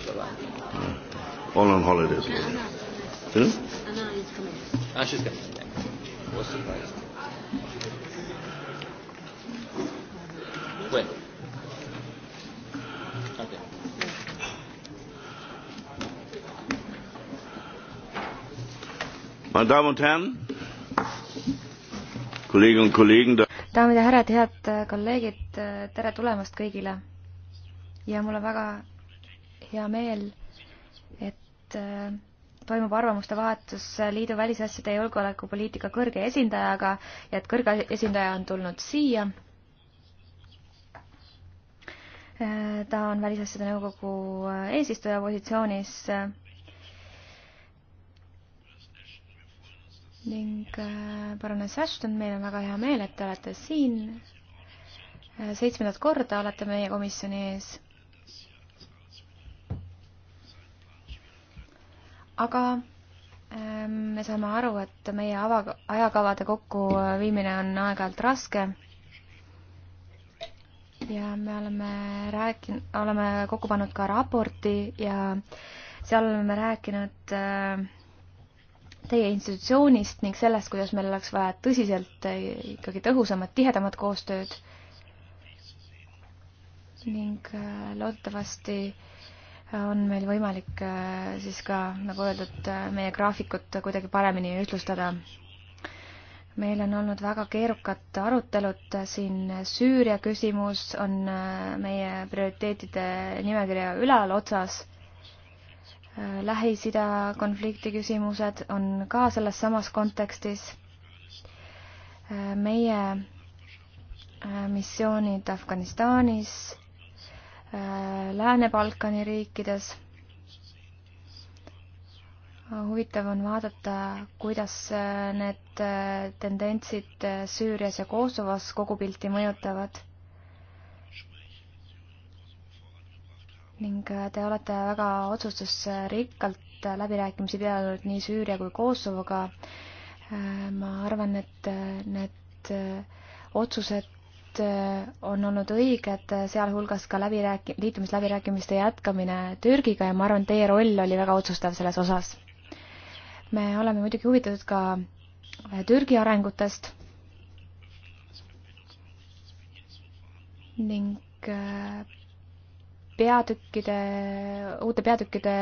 Mm. All on holidays. Anna. Hmm? Anna is coming. Ah, she's coming. Yeah. Was surprised. When? Okay. Meine Damen und Herren, Kolleginnen und Kollegen, da daamid ja härrad, head kolleegid, tere tulemast kõigile! ja mul on väga hea meel, et äh, toimub arvamuste vahetus liidu välisasjade ja julgeolekupoliitika kõrge esindajaga ja et kõrge esindaja on tulnud siia. Äh, ta on Välisasjade Nõukogu äh, eesistuja positsioonis ning paranes Ashton, meil on väga hea meel, et te olete siin. seitsmendat korda olete meie komisjoni ees aga ähm, me saame aru, et meie ava, ajakavade kokkuviimine äh, on aeg-ajalt raske. ja me oleme rääkinud, oleme kokku pannud ka raporti ja seal oleme rääkinud äh, teie institutsioonist ning sellest, kuidas meil oleks vaja tõsiselt äh, ikkagi tõhusamat, tihedamat koostööd. ning loodetavasti äh, on meil võimalik äh, siis ka, nagu öeldud, äh, meie graafikut kuidagi paremini ühtlustada. meil on olnud väga keerukad arutelud siin, Süüria küsimus on äh, meie prioriteetide nimekirja ülalotsas. Lähis-Ida konflikti küsimused on ka selles samas kontekstis. meie missioonid Afganistanis Äh, Lääne-Balkani riikides. Äh, huvitav on vaadata, kuidas äh, need tendentsid Süürias ja Kosovos kogupilti mõjutavad. ning te olete väga otsustusrikkalt läbirääkimisi pidanud nii Süüria kui Kosovoga. ma arvan, et need otsused Äh, on olnud õiged, äh, sealhulgas ka läbirääki-, liitumisläbirääkimiste jätkamine Türgiga ja ma arvan, teie roll oli väga otsustav selles osas. me oleme muidugi huvitatud ka äh, Türgi arengutest ning peatükkide, uute peatükkide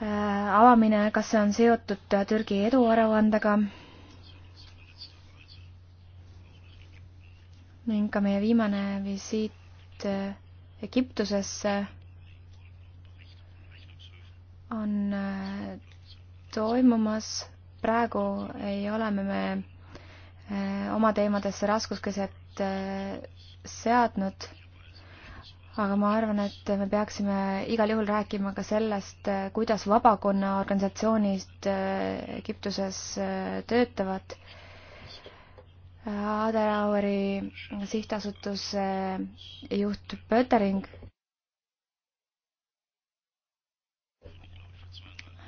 avamine, kas see on seotud Türgi eduaruandega ning ka meie viimane visiit äh, Egiptusesse on äh, toimumas. praegu ei ole me, me äh, oma teemadesse raskuskeset seadnud, aga ma arvan, et me peaksime igal juhul rääkima ka sellest, kuidas vabakonna organisatsioonid Egiptuses töötavad Adenaueri sihtasutuse juht Pöttering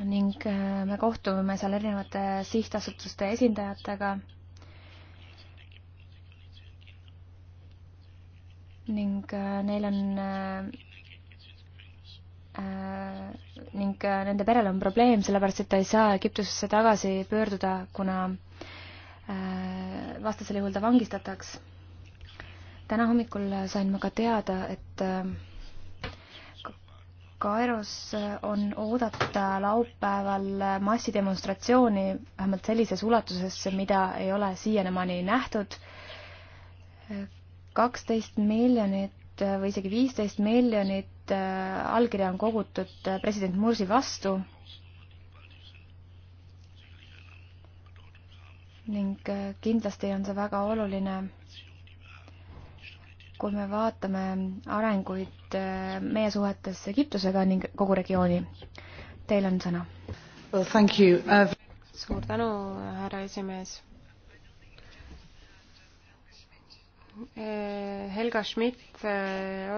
ning äh, me kohtume seal erinevate sihtasutuste esindajatega ning äh, neil on äh, äh ning nende perel on probleem, sellepärast et ta ei saa Egiptusesse tagasi pöörduda, kuna äh, Äh, vastasel juhul ta vangistataks. täna hommikul sain ma ka teada, et äh, Kaeros on oodata laupäeval massidemonstratsiooni vähemalt sellises ulatuses, mida ei ole siiamaani nähtud. kaksteist miljonit või isegi viisteist miljonit äh, allkirja on kogutud president Mursi vastu ning äh, kindlasti on see väga oluline, kui me vaatame arenguid äh, meie suhetes Egiptusega ning kogu regiooni. Teil on sõna well,. Uh... suur tänu, härra esimees. Äh, Helga Schmidt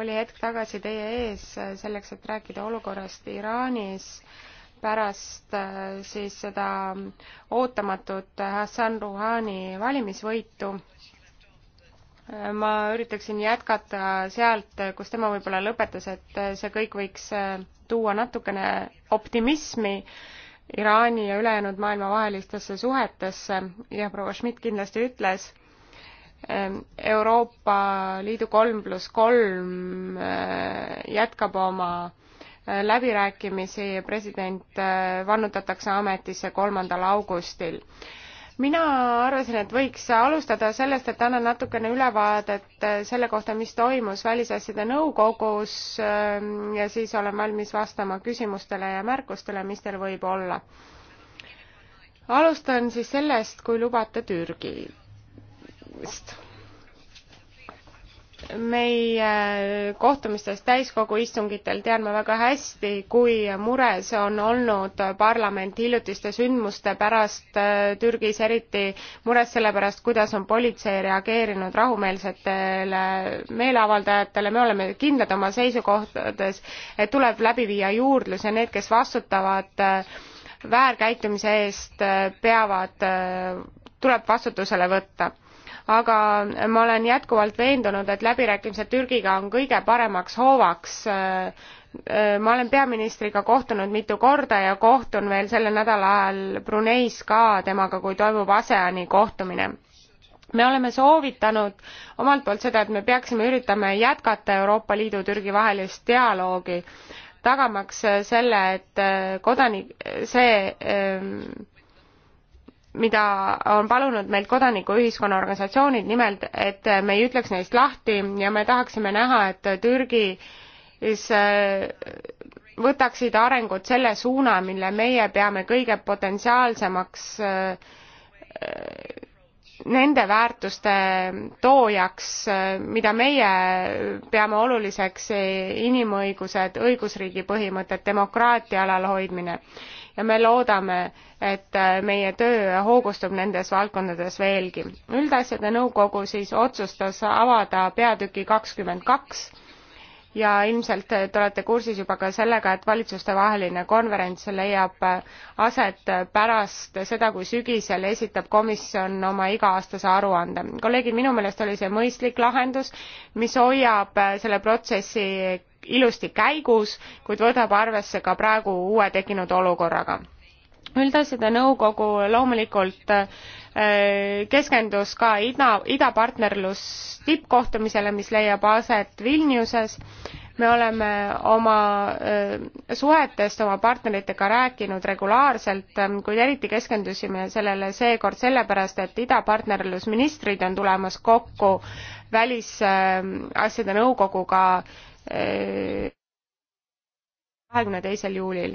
oli hetk tagasi teie ees selleks, et rääkida olukorrast Iraanis pärast äh, siis seda ootamatut Hassan Rouhani valimisvõitu. Äh, ma üritaksin jätkata sealt, kus tema võib-olla lõpetas, et äh, see kõik võiks tuua natukene optimismi Iraani ja ülejäänud maailma vahelistesse suhetesse ja proua Schmidt kindlasti ütles, ähm, Euroopa Liidu kolm pluss kolm jätkab oma läbirääkimisi president äh, vannutatakse ametisse kolmandal augustil mina arvasin, et võiks alustada sellest, et annan natukene ülevaadet äh, selle kohta, mis toimus Välisasjade Nõukogus ähm, ja siis olen valmis vastama küsimustele ja märkustele, mis teil võib olla. alustan siis sellest, kui lubate Türgist meie äh, kohtumistest täiskogu istungitel tean ma väga hästi, kui mures on olnud parlament hiljutiste sündmuste pärast äh, Türgis, eriti mures selle pärast, kuidas on politsei reageerinud rahumeelsetele meeleavaldajatele. me oleme kindlad oma seisukohtades, et tuleb läbi viia juurdlus ja need, kes vastutavad äh, väärkäitumise eest, peavad, tuleb vastutusele võtta aga ma olen jätkuvalt veendunud, et läbirääkimised Türgiga on kõige paremaks hoovaks ma olen peaministriga kohtunud mitu korda ja kohtun veel sellel nädalal Bruneis ka temaga, kui toimub ASEAN-i kohtumine. me oleme soovitanud omalt poolt seda, et me peaksime üritama jätkata Euroopa Liidu Türgi vahelist dialoogi, tagamaks selle, et kodanik, see ehm, mida on palunud meilt kodanikuühiskonna organisatsioonid, nimelt et me ei ütleks neist lahti ja me tahaksime näha, et Türgis äh, võtaksid arengud selle suuna, mille meie peame kõige potentsiaalsemaks äh, nende väärtuste toojaks, äh, mida meie peame oluliseks, inimõigused, õigusriigi põhimõtted, demokraatia alalhoidmine ja me loodame, et äh, meie töö hoogustub nendes valdkondades veelgi. üldasjade nõukogu siis otsustas avada peatüki kakskümmend kaks ja ilmselt te olete kursis juba ka sellega, et valitsustevaheline konverents leiab aset pärast seda, kui sügisel esitab komisjon oma iga-aastase aruande. kolleegid, minu meelest oli see mõistlik lahendus, mis hoiab selle protsessi ilusti käigus, kuid võtab arvesse ka praegu uue tekkinud olukorraga. üldasjade nõukogu loomulikult äh, keskendus ka ida, idapartnerlus tippkohtumisele, mis leiab aset Vilniuses. me oleme oma äh, suhetest oma partneritega rääkinud regulaarselt, ähm, kuid eriti keskendusime sellele seekord sellepärast, et idapartnerlusministrid on tulemas kokku välisasjade nõukoguga kahekümne teisel juulil.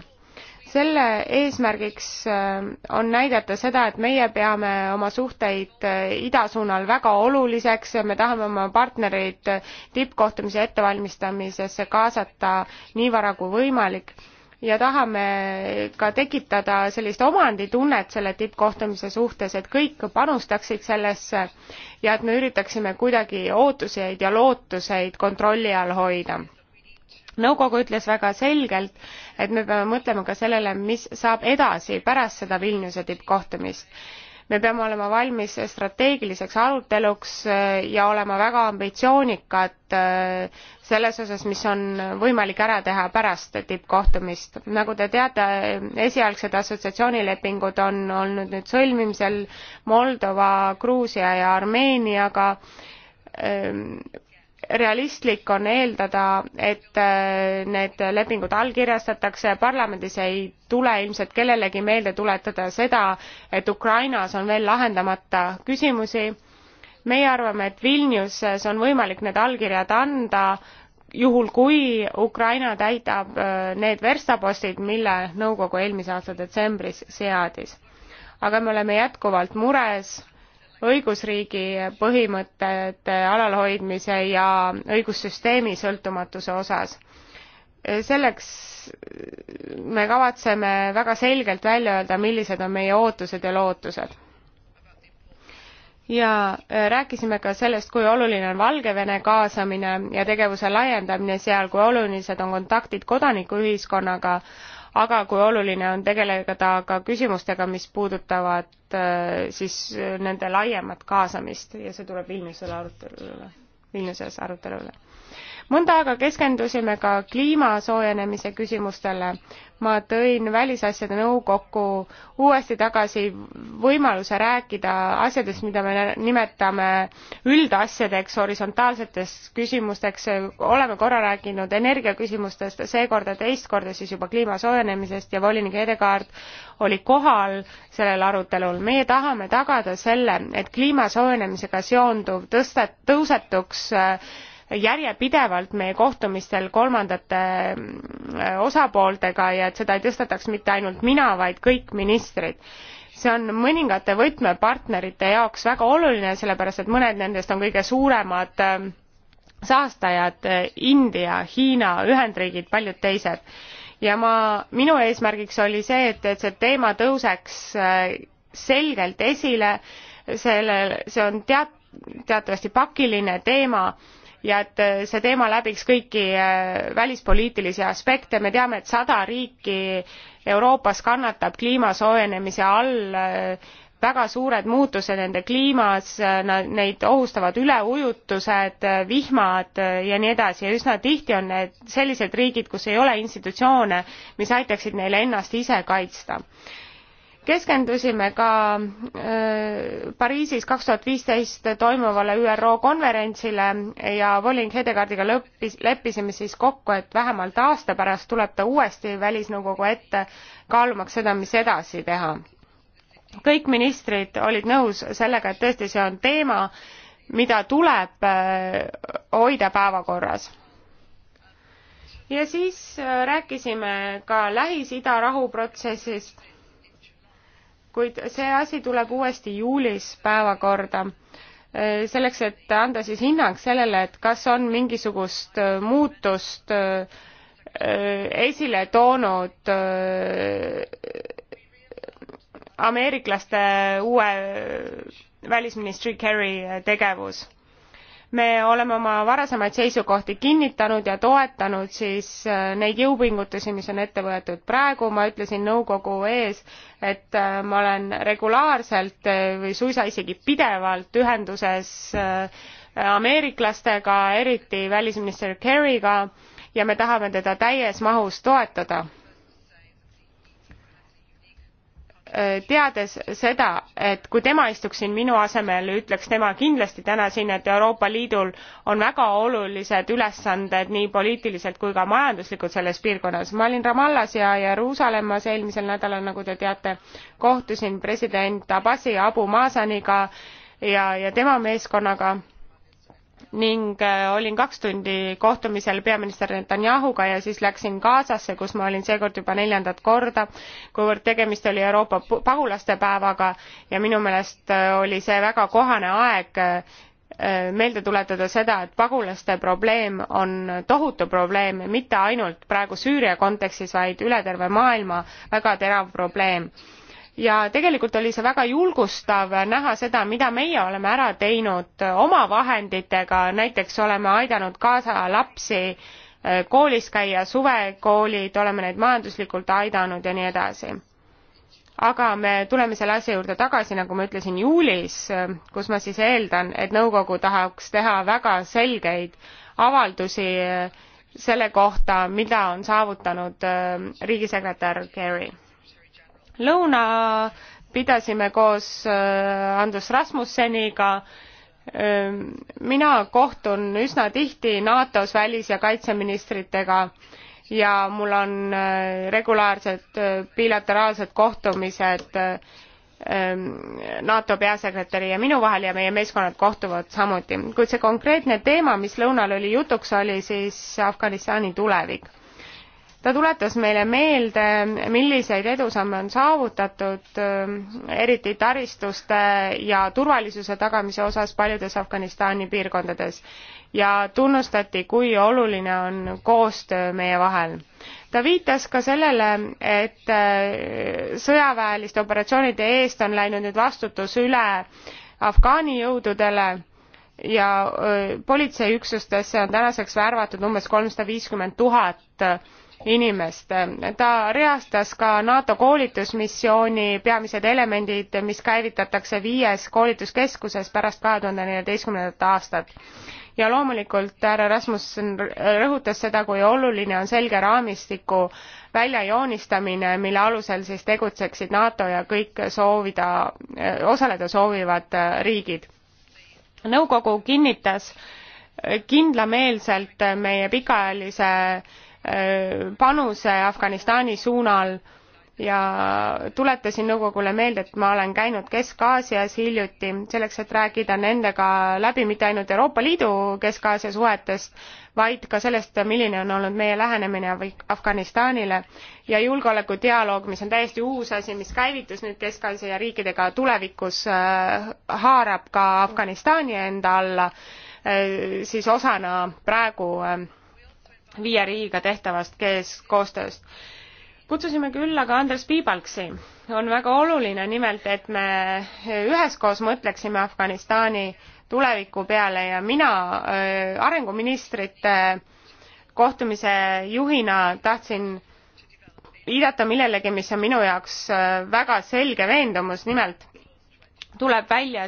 selle eesmärgiks äh, on näidata seda, et meie peame oma suhteid äh, ida suunal väga oluliseks, me tahame oma partnereid äh, tippkohtumise ettevalmistamisesse kaasata nii vara kui võimalik ja tahame ka tekitada sellist omanditunnet selle tippkohtumise suhtes, et kõik panustaksid sellesse ja et me üritaksime kuidagi ootuseid ja lootuseid kontrolli all hoida nõukogu ütles väga selgelt, et me peame mõtlema ka sellele, mis saab edasi pärast seda Vilniuse tippkohtumist me peame olema valmis strateegiliseks aruteluks äh, ja olema väga ambitsioonikad äh, selles osas, mis on võimalik ära teha pärast tippkohtumist. nagu te teate, esialgsed assotsiatsioonilepingud on olnud nüüd sõlmimisel Moldova, Gruusia ja Armeeniaga äh, realistlik on eeldada, et äh, need lepingud allkirjastatakse, parlamendis ei tule ilmselt kellelegi meelde tuletada seda, et Ukrainas on veel lahendamata küsimusi. meie arvame, et Vilniuses on võimalik need allkirjad anda, juhul kui Ukraina täidab äh, need verstapostid, mille nõukogu eelmise aasta detsembris seadis. aga me oleme jätkuvalt mures õigusriigi põhimõtete alalhoidmise ja õigussüsteemi sõltumatuse osas. selleks me kavatseme väga selgelt välja öelda, millised on meie ootused ja lootused. ja rääkisime ka sellest, kui oluline on Valgevene kaasamine ja tegevuse laiendamine seal, kui olulised on kontaktid kodanikuühiskonnaga, aga kui oluline on tegeleda ka küsimustega, mis puudutavad äh, siis nende laiemat kaasamist ja see tuleb Vilniusele arutelule, Vilniuses arutelule mõnda aega keskendusime ka kliima soojenemise küsimustele. ma tõin Välisasjade Nõukokku uuesti tagasi võimaluse rääkida asjadest, mida me nimetame üldasjadeks, horisontaalseteks küsimusteks, oleme korra rääkinud energiaküsimustest, seekord ja teist korda siis juba kliima soojenemisest ja volinik Hedegaard oli kohal sellel arutelul. meie tahame tagada selle, et kliima soojenemisega seonduv tõsta, tõusetuks äh, järjepidevalt meie kohtumistel kolmandate äh, osapooltega ja et seda ei tõstataks mitte ainult mina, vaid kõik ministrid see on mõningate võtmepartnerite jaoks väga oluline, sellepärast et mõned nendest on kõige suuremad äh, saastajad, äh, India, Hiina, Ühendriigid, paljud teised. ja ma, minu eesmärgiks oli see, et, et see teema tõuseks selgelt esile, selle, see on teat-, teatavasti pakiline teema ja et äh, see teema läbiks kõiki äh, välispoliitilisi aspekte me teame et sada riiki euroopas kannatab kliima soojenemise all äh, väga suured muutused nende kliimas neid ohustavad üleujutused vihmad ja nii edasi ja üsna tihti on need sellised riigid kus ei ole institutsioone mis aitaksid neil ennast ise kaitsta keskendusime ka äh, Pariisis kaks tuhat viisteist toimuvale ÜRO konverentsile ja volinik Hedegaardiga lõppis, leppisime siis kokku, et vähemalt aasta pärast tuleb ta uuesti Välisnõukogu ette kaalumaks seda, mis edasi teha. kõik ministrid olid nõus sellega, et tõesti see on teema, mida tuleb äh, hoida päevakorras ja siis äh, rääkisime ka Lähis-Ida rahuprotsessist kuid see asi tuleb uuesti juulis päevakorda eh, selleks, et anda siis hinnang sellele, et kas on mingisugust eh, muutust eh, esile toonud ameeriklaste uue välisministri Kerry tegevus me oleme oma varasemaid seisukohti kinnitanud ja toetanud siis äh, neid jõupingutusi mis on ette võetud praegu ma ütlesin nõukogu ees et äh, ma olen regulaarselt äh, või suisa isegi pidevalt ühenduses ameeriklastega eriti välisminister kerryga ja me tahame teda täies mahus toetada Äh, teades seda, et kui tema istuks siin minu asemel, ütleks tema kindlasti täna siin, et Euroopa Liidul on väga olulised ülesanded nii poliitiliselt kui ka majanduslikult selles piirkonnas. ma olin Ramallas ja Jeruusalemmas eelmisel nädalal, nagu te teate, kohtusin president Abbasi ja Abu Maasaniga ja, ja tema meeskonnaga ning äh, olin kaks tundi kohtumisel peaminister Netanyahuga ja siis läksin Gazasse, kus ma olin seekord juba neljandat korda, kuivõrd tegemist oli Euroopa pagulastepäevaga ja minu meelest äh, oli see väga kohane aeg äh, meelde tuletada seda, et pagulaste probleem on tohutu probleem, mitte ainult praegu Süüria kontekstis, vaid üle terve maailma väga terav probleem ja tegelikult oli see väga julgustav näha seda, mida meie oleme ära teinud oma vahenditega, näiteks oleme aidanud kaasa lapsi eh, koolis käia, suvekoolid, oleme neid majanduslikult aidanud ja nii edasi. aga me tuleme selle asja juurde tagasi, nagu ma ütlesin, juulis, eh, kus ma siis eeldan, et nõukogu tahaks teha väga selgeid avaldusi eh, selle kohta, mida on saavutanud riigisekretär Kerry lõuna pidasime koos äh, Andrus Rasmusseniga ähm, mina kohtun üsna tihti natos välis ja kaitseministritega ja mul on äh, regulaarsed äh, bilateraalsed kohtumised ähm, nato peasekretäri ja minu vahel ja meie meeskonnad kohtuvad samuti kuid see konkreetne teema mis lõunal oli jutuks oli siis afganistani tulevik ta tuletas meile meelde, milliseid edusamme on saavutatud, ähm, eriti taristuste ja turvalisuse tagamise osas paljudes Afganistani piirkondades ja tunnustati, kui oluline on koostöö meie vahel. ta viitas ka sellele, et äh, sõjaväeliste operatsioonide eest on läinud nüüd vastutus üle Afgaani jõududele ja äh, politseiüksustesse on tänaseks värvatud umbes kolmsada viiskümmend tuhat inimest. ta reastas ka NATO koolitusmissiooni peamised elemendid, mis käivitatakse viies koolituskeskuses pärast kahe tuhande neljateistkümnendat aastat. ja loomulikult härra Rasmussen rõhutas seda, kui oluline on selge raamistiku väljajoonistamine, mille alusel siis tegutseksid NATO ja kõik soovida, osaleda soovivad riigid. nõukogu kinnitas kindlameelselt meie pikaajalise Äh, panuse Afganistani suunal ja tuletasin nõukogule meelde, et ma olen käinud Kesk-Aasias hiljuti selleks, et rääkida nendega läbi mitte ainult Euroopa Liidu Kesk-Aasia suhetest, vaid ka sellest, milline on olnud meie lähenemine Afganistanile ja julgeolekudialoog, mis on täiesti uus asi, mis käivitus nüüd Kesk-Aasia riikidega tulevikus, äh, haarab ka Afganistani enda alla äh, siis osana praegu viie riigiga tehtavast kees koostööst. kutsusime külla ka Andres Piibalksi. on väga oluline nimelt, et me üheskoos mõtleksime Afganistani tuleviku peale ja mina äh, arenguministrite kohtumise juhina tahtsin viidata millelegi, mis on minu jaoks äh, väga selge veendumus, nimelt tuleb välja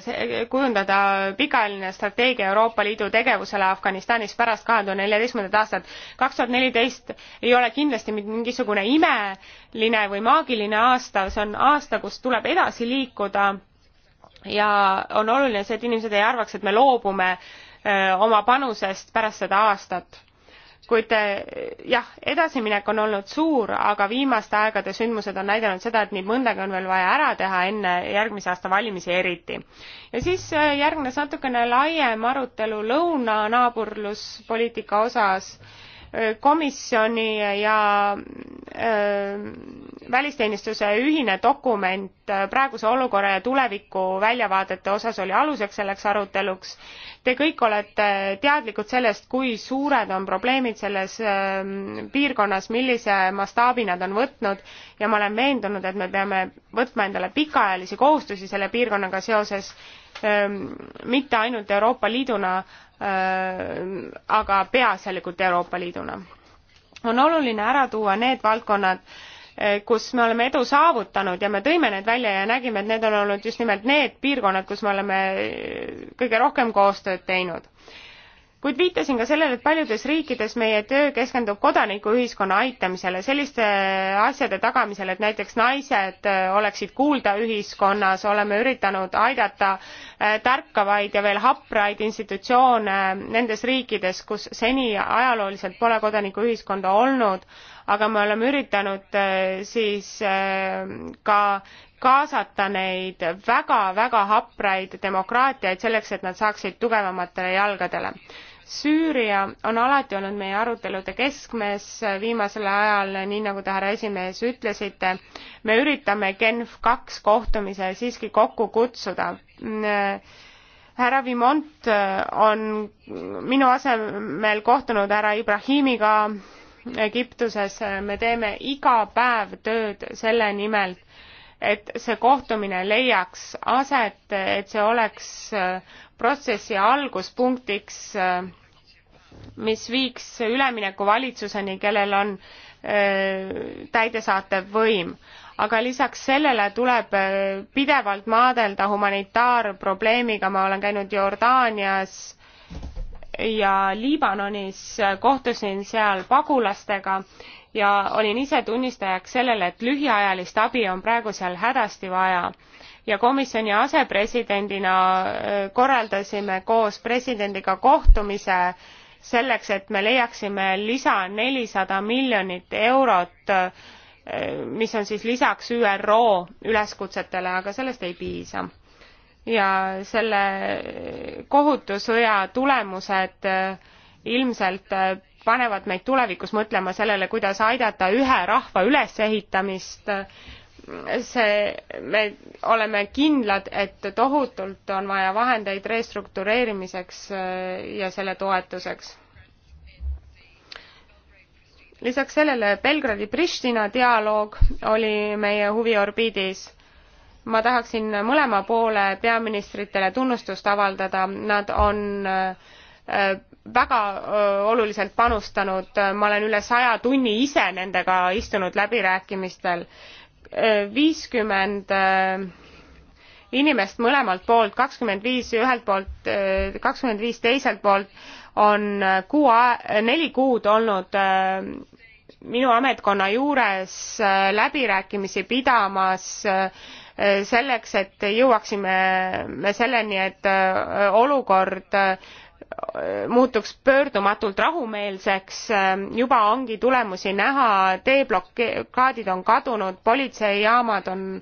kujundada pikaajaline strateegia euroopa liidu tegevusele afganistanis pärast 2014. aastat 2014 ei ole kindlasti mingisugune imeline või maagiline aasta see on aasta kus tuleb edasi liikuda ja on oluline see et inimesed ei arvaks et me loobume öö, oma panusest pärast seda aastat kuid eh, jah edasiminek on olnud suur aga viimaste aegade sündmused on näidanud seda et nii mõndagi on veel vaja ära teha enne järgmise aasta valimisi eriti ja siis eh, järgnes natukene laiem arutelu lõunanaabruspoliitika osas komisjoni ja välisteenistuse ühine dokument praeguse olukorra ja tuleviku väljavaadete osas oli aluseks selleks aruteluks. Te kõik olete teadlikud sellest, kui suured on probleemid selles piirkonnas, millise mastaabi nad on võtnud ja ma olen veendunud, et me peame võtma endale pikaajalisi kohustusi selle piirkonnaga seoses Ehm, mitte ainult Euroopa Liiduna, ehm, aga peaasjalikult Euroopa Liiduna. on oluline ära tuua need valdkonnad, eh, kus me oleme edu saavutanud ja me tõime need välja ja nägime, et need on olnud just nimelt need piirkonnad, kus me oleme eh, kõige rohkem koostööd teinud kuid viitasin ka sellele, et paljudes riikides meie töö keskendub kodanikuühiskonna aitamisele, selliste asjade tagamisele, et näiteks naised äh, oleksid kuulda ühiskonnas, oleme üritanud aidata äh, tärkavaid ja veel hapraid institutsioone nendes riikides, kus seni ajalooliselt pole kodanikuühiskonda olnud, aga me oleme üritanud äh, siis ka kaasata neid väga-väga hapraid demokraatiaid selleks, et nad saaksid tugevamatele jalgadele Süüria on alati olnud meie arutelude keskmes viimasel ajal, nii nagu te, härra esimees, ütlesite. me üritame Genf kaks kohtumise siiski kokku kutsuda. Mm, äh, härra Vimont äh, on minu asemel kohtunud härra Ibrahimiga Egiptuses, me teeme iga päev tööd selle nimel, et see kohtumine leiaks aset, et see oleks äh, protsessi alguspunktiks äh, mis viiks üleminekuvalitsuseni, kellel on öö, täidesaatev võim. aga lisaks sellele tuleb pidevalt maadelda humanitaarprobleemiga, ma olen käinud Jordaanias ja Liibanonis, kohtusin seal pagulastega ja olin ise tunnistajaks sellele, et lühiajalist abi on praegu seal hädasti vaja ja komisjoni asepresidendina korraldasime koos presidendiga kohtumise äh, selleks, et me leiaksime lisa nelisada miljonit eurot, eh, mis on siis lisaks ÜRO üleskutsetele, aga sellest ei piisa. ja selle kohutusõja tulemused eh, ilmselt eh, panevad meid tulevikus mõtlema sellele, kuidas aidata ühe rahva ülesehitamist see, me oleme kindlad, et tohutult on vaja vahendeid restruktureerimiseks äh, ja selle toetuseks. lisaks sellele Belgradi-Pristina dialoog oli meie huviorbiidis. ma tahaksin mõlema poole peaministritele tunnustust avaldada, nad on äh, väga äh, oluliselt panustanud, ma olen üle saja tunni ise nendega istunud läbirääkimistel viiskümmend äh, inimest mõlemalt poolt, kakskümmend viis ühelt poolt, äh, kakskümmend viis teiselt poolt, on äh, kuu, neli kuud olnud minu ametkonna juures läbirääkimisi pidamas selleks, et jõuaksime me selleni, et olukord muutuks pöördumatult rahumeelseks juba ongi tulemusi näha teeblokaadid on kadunud politseijaamad on äh,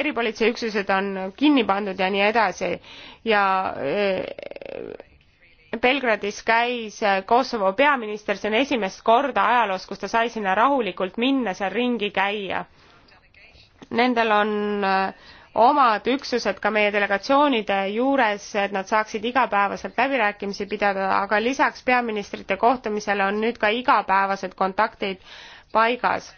eripolitseiüksused on kinni pandud ja nii edasi ja äh, belgradis käis äh, kosovo peaminister see on esimest korda ajaloos kus ta sai sinna rahulikult minna seal ringi käia nendel on omad üksused ka meie delegatsioonide juures, et nad saaksid igapäevaselt läbirääkimisi pidada, aga lisaks peaministrite kohtumisele on nüüd ka igapäevased kontaktid paigas.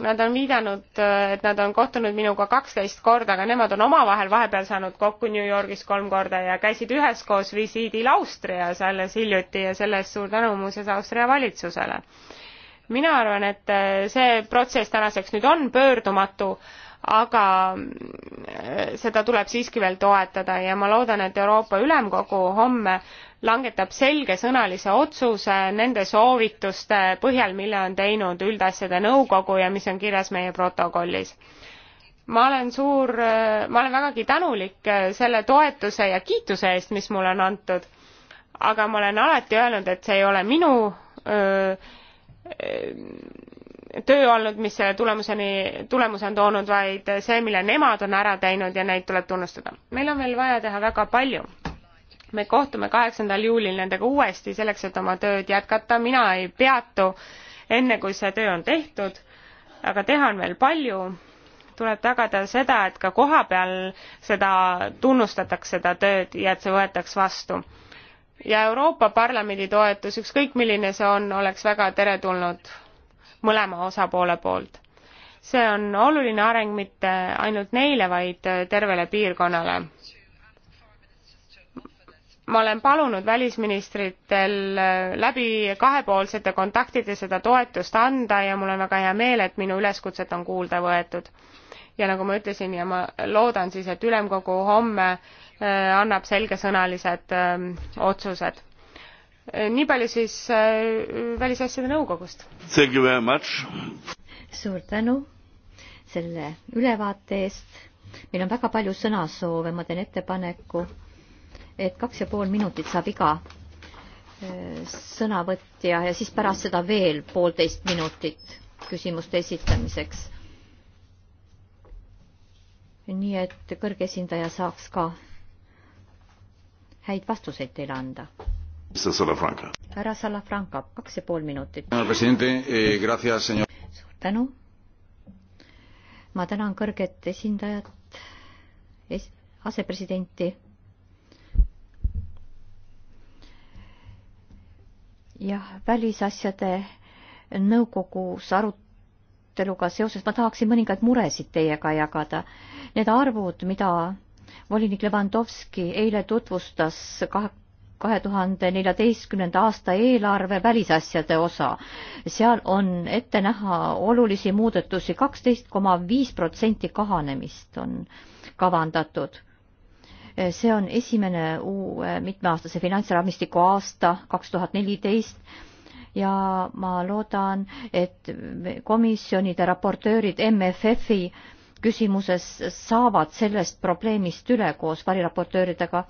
Nad on viidanud, et nad on kohtunud minuga kaksteist korda, aga nemad on omavahel vahepeal saanud kokku New Yorgis kolm korda ja käisid üheskoos visiidil Austrias alles hiljuti ja selle eest suur tänu muuseas Austria valitsusele. mina arvan, et see protsess tänaseks nüüd on pöördumatu aga äh, seda tuleb siiski veel toetada ja ma loodan, et Euroopa Ülemkogu homme langetab selgesõnalise otsuse nende soovituste põhjal, mille on teinud üldasjade nõukogu ja mis on kirjas meie protokollis. ma olen suur, äh, ma olen vägagi tänulik äh, selle toetuse ja kiituse eest, mis mulle on antud, aga ma olen alati öelnud, et see ei ole minu öö, öö, töö olnud, mis selle tulemuseni, tulemuse on toonud, vaid see, mille nemad on ära teinud ja neid tuleb tunnustada. meil on veel vaja teha väga palju. me kohtume kaheksandal juulil nendega uuesti selleks, et oma tööd jätkata, mina ei peatu enne, kui see töö on tehtud, aga teha on veel palju, tuleb tagada seda, et ka kohapeal seda tunnustataks, seda tööd ja et see võetaks vastu ja Euroopa Parlamendi toetus, ükskõik milline see on, oleks väga teretulnud mõlema osapoole poolt. see on oluline areng mitte ainult neile, vaid tervele piirkonnale. ma olen palunud välisministritel läbi kahepoolsete kontaktide seda toetust anda ja mul on väga hea meel, et minu üleskutset on kuulda võetud ja nagu ma ütlesin ja ma loodan siis, et ülemkogu homme äh, annab selgesõnalised öö, ähm, otsused. Eh, nii palju siis eh, Välisasjade Nõukogust. suur tänu selle ülevaate eest. meil on väga palju sõnasoove, ma teen ettepaneku, et kaks ja pool minutit saab iga eh, sõnavõtja ja siis pärast seda veel poolteist minutit küsimuste esitamiseks. nii et kõrge esindaja saaks ka häid vastuseid teile anda härra Salafranca, kaks ja pool minutit. Eh, suur tänu. ma tänan kõrget esindajat es, asepresidenti. jah, välisasjade nõukogus aruteluga seoses ma tahaksin mõningaid muresid teiega jagada. Need arvud, mida volinik Levanovski eile tutvustas kahe kahe tuhande neljateistkümnenda aasta eelarve välisasjade osa. seal on ette näha olulisi muudatusi, kaksteist koma viis protsenti kahanemist on kavandatud. see on esimene uue mitmeaastase finantsraamistiku aasta kaks tuhat neliteist ja ma loodan, et komisjonide raportöörid MFF-i küsimuses saavad sellest probleemist üle koos variraportööridega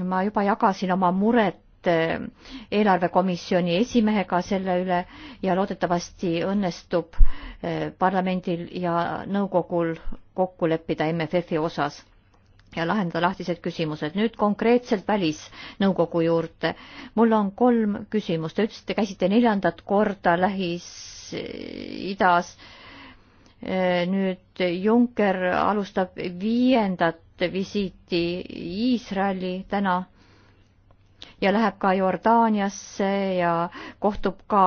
ma juba jagasin oma muret eh, eelarvekomisjoni esimehega selle üle ja loodetavasti õnnestub eh, parlamendil ja nõukogul kokku leppida MFF-i osas ja lahendada lahtised küsimused. nüüd konkreetselt välisnõukogu juurde. mul on kolm küsimust. Te ütlesite, käisite neljandat korda Lähis-Idas äh, Eh, nüüd Juncker alustab viiendat visiiti Iisraeli täna ja läheb ka Jordaaniasse ja kohtub ka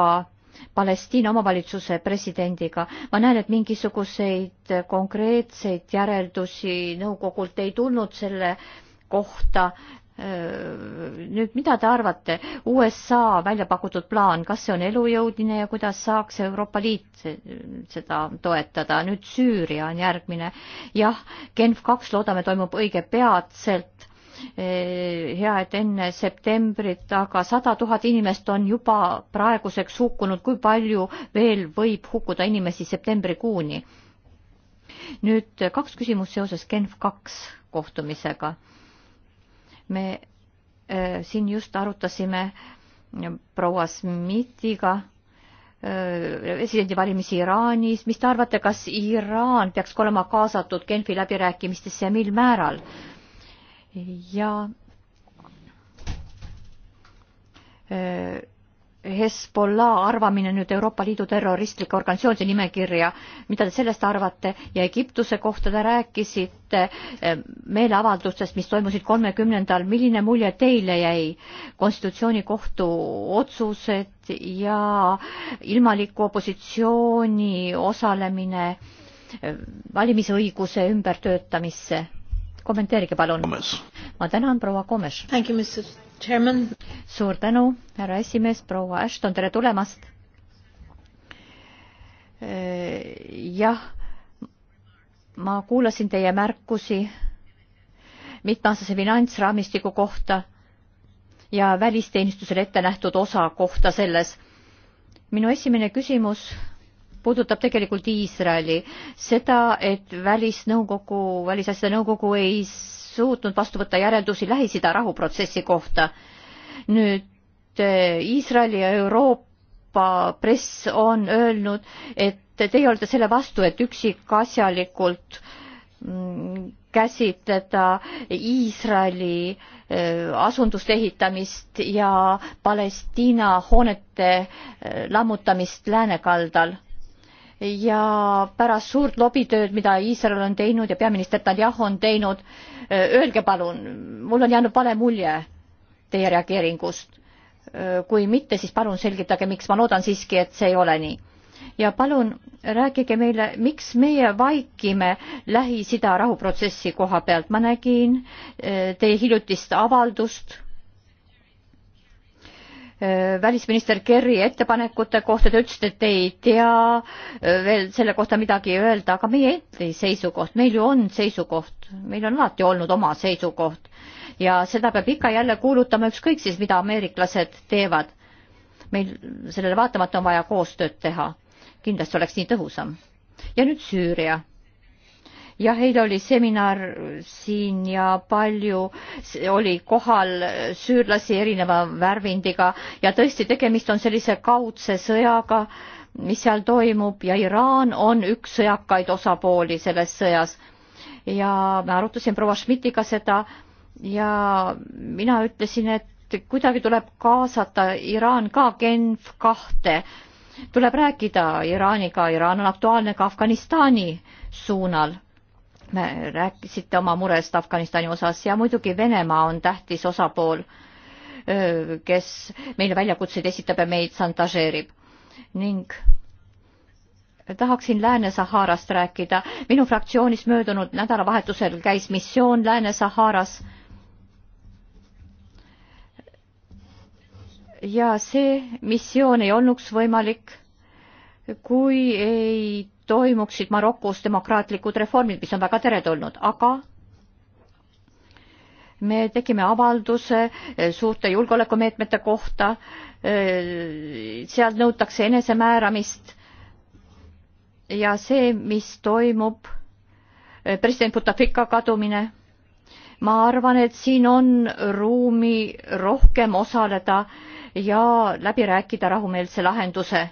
Palestiina omavalitsuse presidendiga. ma näen, et mingisuguseid konkreetseid järeldusi nõukogult ei tulnud selle kohta, Äh, nüüd mida te arvate, USA välja pakutud plaan, kas see on elujõudine ja kuidas saaks Euroopa Liit seda toetada, nüüd Süüria on järgmine, jah, Genf kaks loodame toimub õige peatselt, äh, hea, et enne septembrit, aga sada tuhat inimest on juba praeguseks hukkunud, kui palju veel võib hukkuda inimesi septembrikuuni? nüüd kaks küsimust seoses Genf kaks kohtumisega me äh, siin just arutasime proua Smithiga presidendivalimisi äh, Iraanis. mis te arvate, kas Iraan peaks ka olema kaasatud Genfi läbirääkimistesse ja mil määral? ja äh, Hezbollah arvamine nüüd Euroopa Liidu terroristlike organisatsioonide nimekirja, mida te sellest arvate ja Egiptuse kohta te rääkisite eh, meeleavaldustest, mis toimusid kolmekümnendal, milline mulje teile jäi? konstitutsioonikohtu otsused ja ilmaliku opositsiooni osalemine eh, valimisõiguse ümbertöötamisse, kommenteerige palun. ma tänan, proua Komes suur tänu, härra esimees, proua Ashton, tere tulemast. Äh, jah, ma kuulasin teie märkusi mitmeaastase finantsraamistiku kohta ja välisteenistusele ette nähtud osa kohta selles. minu esimene küsimus puudutab tegelikult Iisraeli, seda, et välisnõukogu, välisasjade nõukogu ei suutnud vastu võtta järeldusi Lähis-Ida rahuprotsessi kohta. nüüd eh, Iisraeli ja Euroopa press on öelnud, et teie olete selle vastu, et üksikasjalikult mm, käsitleda Iisraeli eh, asunduste ehitamist ja Palestiina hoonete eh, lammutamist läänekaldal ja pärast suurt lobitööd, mida Iisrael on teinud ja peaminister Tanjah on teinud, öelge palun, mul on jäänud vale mulje teie reageeringust. kui mitte, siis palun selgitage, miks, ma loodan siiski, et see ei ole nii. ja palun rääkige meile, miks meie vaikime Lähis-Ida rahuprotsessi koha pealt, ma nägin teie hiljutist avaldust Äh, välisminister Kerry ettepanekute kohta, te ütlesite, et te ei tea äh, veel selle kohta midagi öelda, aga meie endi seisukoht, meil ju on seisukoht, meil on alati olnud oma seisukoht ja seda peab ikka jälle kuulutama, ükskõik siis, mida ameeriklased teevad. meil sellele vaatamata on vaja koostööd teha, kindlasti oleks nii tõhusam. ja nüüd Süüria jah, eile oli seminar siin ja palju oli kohal süürlasi erineva värvindiga ja tõesti, tegemist on sellise kaudse sõjaga, mis seal toimub ja Iraan on üks sõjakaid osapooli selles sõjas. ja me arutasime proua Schmidtiga seda ja mina ütlesin, et kuidagi tuleb kaasata Iraan ka Genf kahte tuleb rääkida Iraaniga, Iraan on aktuaalne ka Afganistani suunal rääkisite oma murest Afganistani osas ja muidugi Venemaa on tähtis osapool, kes meile väljakutseid esitab ja meid šantažeerib. ning tahaksin Lääne-Saharast rääkida. minu fraktsioonis möödunud nädalavahetusel käis missioon Lääne-Saharas. ja see missioon ei olnuks võimalik kui ei toimuksid Marokos demokraatlikud reformid, mis on väga teretulnud, aga me tegime avalduse eh, suurte julgeolekumeetmete kohta, eh, seal nõutakse enesemääramist ja see, mis toimub, eh, president Butafika kadumine, ma arvan, et siin on ruumi rohkem osaleda ja läbi rääkida rahumeelse lahenduse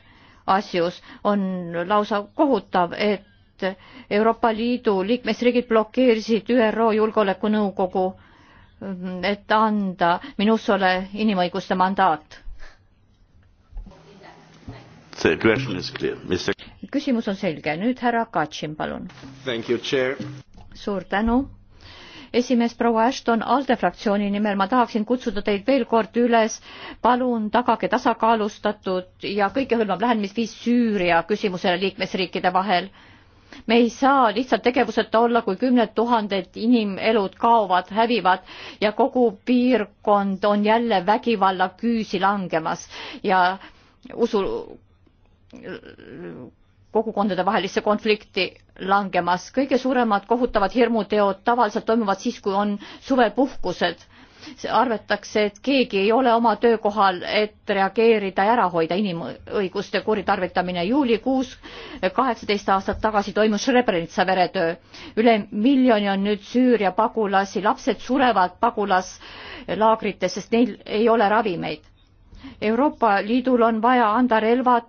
asjus. on lausa kohutav, et Euroopa Liidu liikmesriigid blokeerisid ÜRO Julgeolekunõukogu, et anda Minusole inimõiguste mandaat. küsimus on selge, nüüd härra Katšin, palun. suur tänu esimees proua Ashton ALDE fraktsiooni nimel ma tahaksin kutsuda teid veel kord üles, palun tagage tasakaalustatud ja kõikehõlmav lähenemisviis Süüria küsimusele liikmesriikide vahel. me ei saa lihtsalt tegevuseta olla, kui kümned tuhanded inimelud kaovad, hävivad ja kogu piirkond on jälle vägivalla küüsi langemas ja usu kogukondade vahelisse konflikti langemas. kõige suuremad kohutavad hirmuteod tavaliselt toimuvad siis, kui on suvepuhkused. arvatakse, et keegi ei ole oma töökohal, et reageerida ja ära hoida inimõiguste kuritarvitamine. juulikuus kaheksateist aastat tagasi toimus Srebrenica veretöö. üle miljoni on nüüd Süüria pagulasi, lapsed surevad pagulaslaagrites, sest neil ei ole ravimeid Euroopa Liidul on vaja anda relvad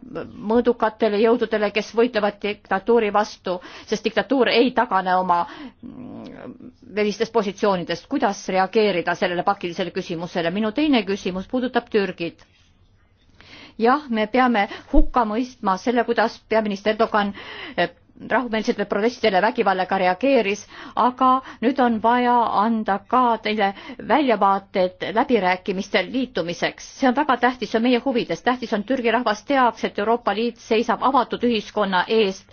mõõdukatele jõududele, kes võitlevad diktatuuri vastu, sest diktatuur ei tagane oma mm, välistest positsioonidest. kuidas reageerida sellele pakilisele küsimusele? minu teine küsimus puudutab Türgit jah, me peame hukka mõistma selle, kuidas peaminister Erdogan eh, rahumeelsetele protestidele vägivallaga reageeris, aga nüüd on vaja anda ka teile väljavaated läbirääkimistel liitumiseks. see on väga tähtis, see on meie huvides, tähtis on Türgi rahvas teaks, et Euroopa Liit seisab avatud ühiskonna eest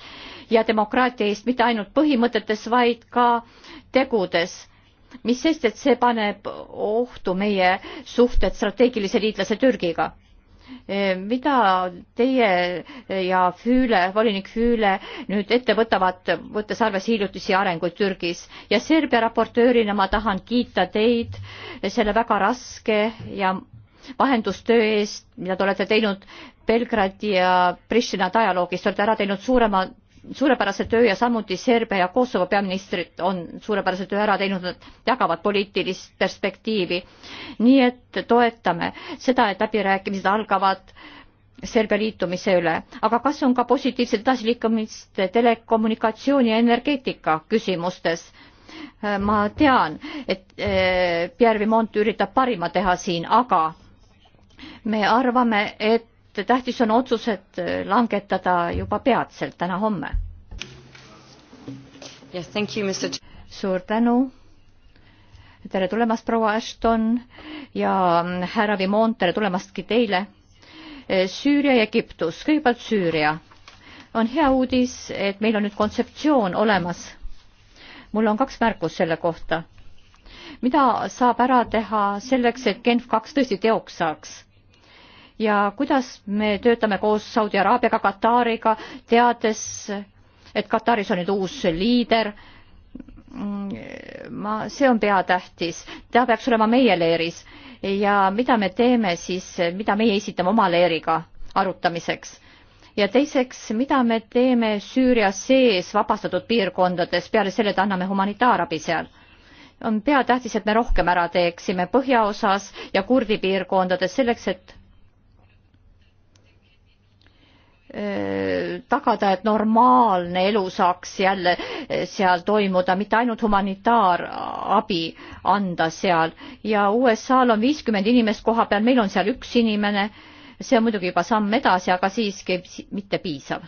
ja demokraatia eest mitte ainult põhimõtetes, vaid ka tegudes mis sest, et see paneb ohtu meie suhted strateegilise liitlase Türgiga Eh, mida teie ja Füüle, volinik Füüle nüüd ette võtavad, võttes arvesse hiljutisi arenguid Türgis ja Serbia raportöörina ma tahan kiita teid selle väga raske ja vahendustöö eest, mida te olete teinud Belgradi ja Pristina dialoogis, te olete ära teinud suurema suurepärase töö ja samuti Serbia ja Kosovo peaministrid on suurepärase töö ära teinud, nad jagavad poliitilist perspektiivi. nii et toetame seda, et läbirääkimised algavad Serbia liitumise üle, aga kas on ka positiivset edasiliikumist telekommunikatsiooni ja energeetika küsimustes? ma tean, et eh, Pierre Vimont üritab parima teha siin, aga me arvame, et tähtis on otsused äh, langetada juba peatselt, täna-homme yes,. suur tänu. tere tulemast, proua Ashton ja mm, härra Vimont, tere tulemastki teile. Äh, Süüria ja Egiptus, kõigepealt Süüria. on hea uudis, et meil on nüüd kontseptsioon olemas. mul on kaks märkust selle kohta. mida saab ära teha selleks, et Genf kaks tõesti teoks saaks? ja kuidas me töötame koos Saudi Araabiaga, Katariga, teades, et Kataris on nüüd uus liider. Mm, ma, see on peatähtis, ta peaks olema meie leeris ja mida me teeme siis, mida meie esitame oma leeriga arutamiseks ja teiseks, mida me teeme Süüria sees vabastatud piirkondades, peale selle, et anname humanitaarabi seal? on peatähtis, et me rohkem ära teeksime põhjaosas ja kurdi piirkondades selleks, et tagada, et normaalne elu saaks jälle eh, seal toimuda, mitte ainult humanitaarabi anda seal ja USA-l on viiskümmend inimest koha peal, meil on seal üks inimene, see on muidugi juba samm edasi, aga siiski mitte piisav.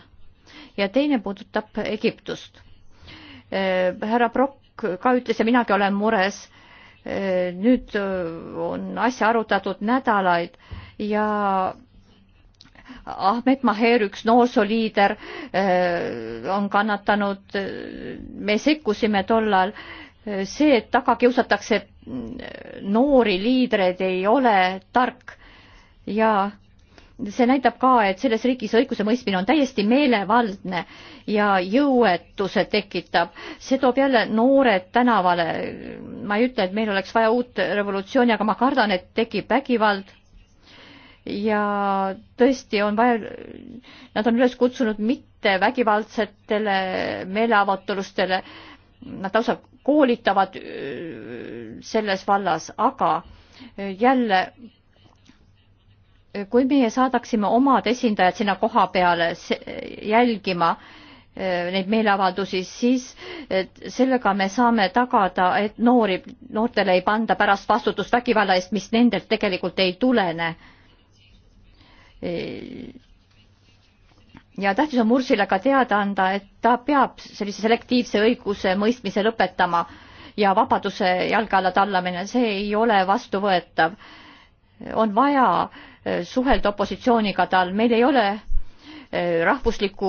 ja teine puudutab Egiptust. Eh, härra Brock ka ütles ja minagi olen mures, eh, nüüd on asja arutatud nädalaid ja Ahmed Maher, üks noorsooliider, eh, on kannatanud. me sekkusime tollal. see, et taga kiusatakse noori liidreid, ei ole tark ja see näitab ka, et selles riigis õigusemõistmine on täiesti meelevaldne ja jõuetuse tekitab. see toob jälle noored tänavale. ma ei ütle, et meil oleks vaja uut revolutsiooni, aga ma kardan, et tekib vägivald ja tõesti on vaja, nad on üles kutsunud mitte vägivaldsetele meeleavutulustele, nad lausa koolitavad äh, selles vallas, aga äh, jälle äh, kui meie saadaksime omad esindajad sinna koha peale jälgima neid meeleavaldusi, siis sellega me saame tagada, et noori, noortele ei panda pärast vastutust vägivalla eest, mis nendelt tegelikult ei tulene ja tähtis on Mursile ka teada anda, et ta peab sellise selektiivse õiguse mõistmise lõpetama ja vabaduse jalge alla tallamine, see ei ole vastuvõetav. on vaja äh, suhelda opositsiooniga tal, meil ei ole äh, rahvusliku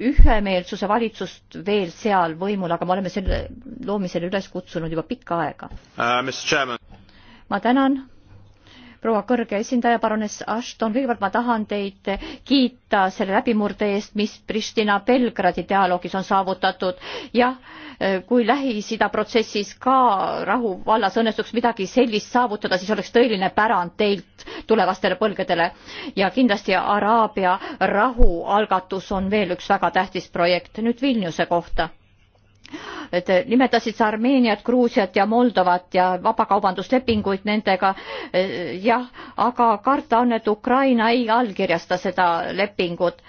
ühemeelsuse valitsust veel seal võimul, aga me oleme selle loomisele üles kutsunud juba pikka aega uh,. ma tänan proua kõrge esindaja, baroness Ashton, kõigepealt ma tahan teid kiita selle läbimurde eest, mis Pristina-Belgradi dialoogis on saavutatud. jah, kui Lähis-Ida protsessis ka rahu vallas õnnestuks midagi sellist saavutada, siis oleks tõeline pärand teilt tulevastele põlgedele ja kindlasti Araabia rahualgatus on veel üks väga tähtis projekt. nüüd Vilniuse kohta Te nimetasite Armeeniat, Gruusiat ja Moldovat ja vabakaubanduslepinguid nendega. Eh, jah, aga karta on, et Ukraina ei allkirjasta seda lepingut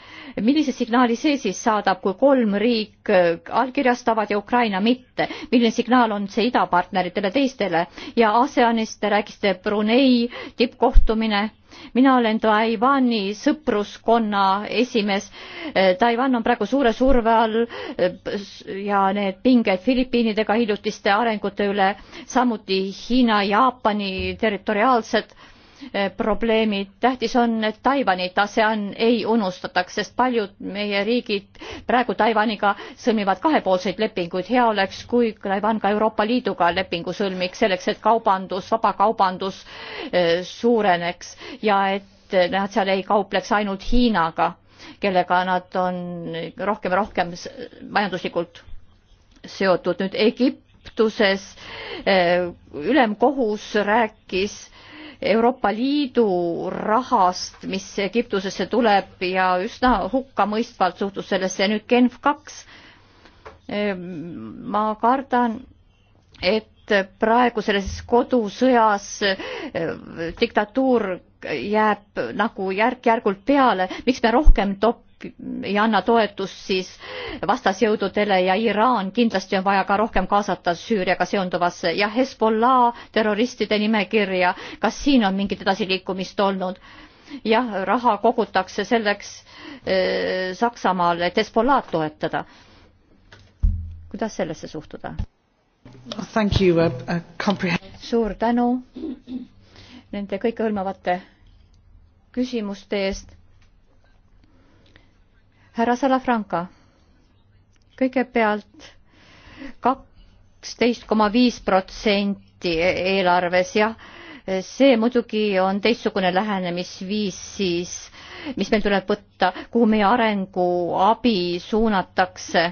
millise signaali see siis saadab, kui kolm riik äh, allkirjastavad ja Ukraina mitte? milline signaal on see idapartneritele teistele ja ASEANist te rääkisite Brunei tippkohtumine mina olen Taiwan'i sõpruskonna esimees. Äh, Taiwan on praegu suure surve all äh, ja need pinged Filipiinidega hiljutiste arengute üle, samuti Hiina, Jaapani territoriaalsed Eh, probleemid. tähtis on, et Taiwan'i ASEAN ei unustataks, sest paljud meie riigid praegu Taiwan'iga sõlmivad kahepoolseid lepinguid. hea oleks, kui Taiwan ka Euroopa Liiduga lepingu sõlmiks selleks, et kaubandus, vabakaubandus eh, suureneks ja et nad seal ei kaupleks ainult Hiinaga, kellega nad on rohkem ja rohkem majanduslikult seotud. nüüd Egiptuses eh, ülemkohus rääkis Euroopa Liidu rahast, mis Egiptusesse tuleb ja üsna hukkamõistvalt suhtus sellesse nüüd Genf kaks. Ehm, ma kardan, et praegu selles kodusõjas ehm, diktatuur jääb nagu järk-järgult peale, miks me rohkem top-, ei anna toetust siis vastasjõududele ja Iraan kindlasti on vaja ka rohkem kaasata Süüriaga seonduvasse ja Hezbollah terroristide nimekirja, kas siin on mingit edasiliikumist olnud? jah, raha kogutakse selleks äh, eh, Saksamaal, et Hezbollah'd toetada. kuidas sellesse suhtuda? Uh, uh, suur tänu nende kõikehõlmavate küsimuste eest härra Salafranca, kõigepealt kaksteist koma viis protsenti eelarves, jah, see muidugi on teistsugune lähenemisviis siis, mis meil tuleb võtta, kuhu meie arenguabi suunatakse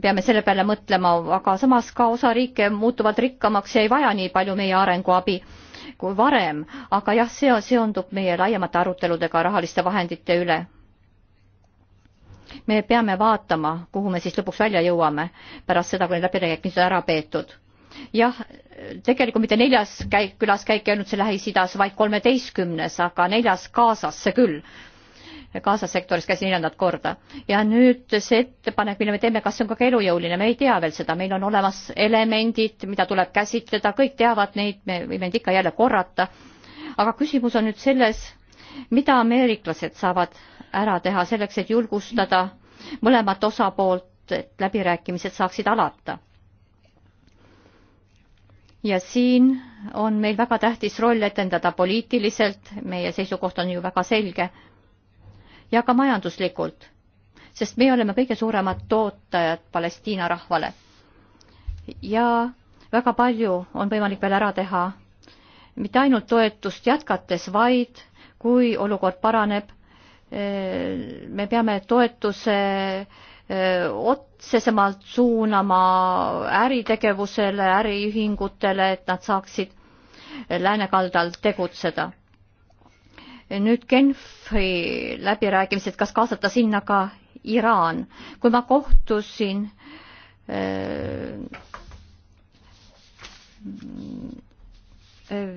peame selle peale mõtlema, aga samas ka osa riike muutuvad rikkamaks ja ei vaja nii palju meie arenguabi kui varem, aga jah, see seondub meie laiemate aruteludega rahaliste vahendite üle me peame vaatama, kuhu me siis lõpuks välja jõuame pärast seda, kui need läbirääkimised on ära peetud. jah, tegelikult mitte neljas käik, külaskäik ei olnud see Lähis-Idas, vaid kolmeteistkümnes, aga neljas Gazasse küll. Gaza sektoris käisin neljandat korda ja nüüd see ettepanek, mille me teeme, kas see on ka elujõuline, me ei tea veel seda, meil on olemas elemendid, mida tuleb käsitleda, kõik teavad neid, me võime neid ikka jälle korrata. aga küsimus on nüüd selles mida ameeriklased saavad ära teha selleks, et julgustada mõlemat osapoolt, et läbirääkimised saaksid alata? ja siin on meil väga tähtis roll etendada poliitiliselt, meie seisukoht on ju väga selge, ja ka majanduslikult, sest meie oleme kõige suuremad tootajad Palestiina rahvale. ja väga palju on võimalik veel ära teha, mitte ainult toetust jätkates, vaid kui olukord paraneb, eh, me peame toetuse eh, otsesemalt suunama äritegevusele, äriühingutele, et nad saaksid läänekaldal tegutseda. nüüd Genfi läbirääkimised, kas kaasata sinna ka Iraan? kui ma kohtusin eh,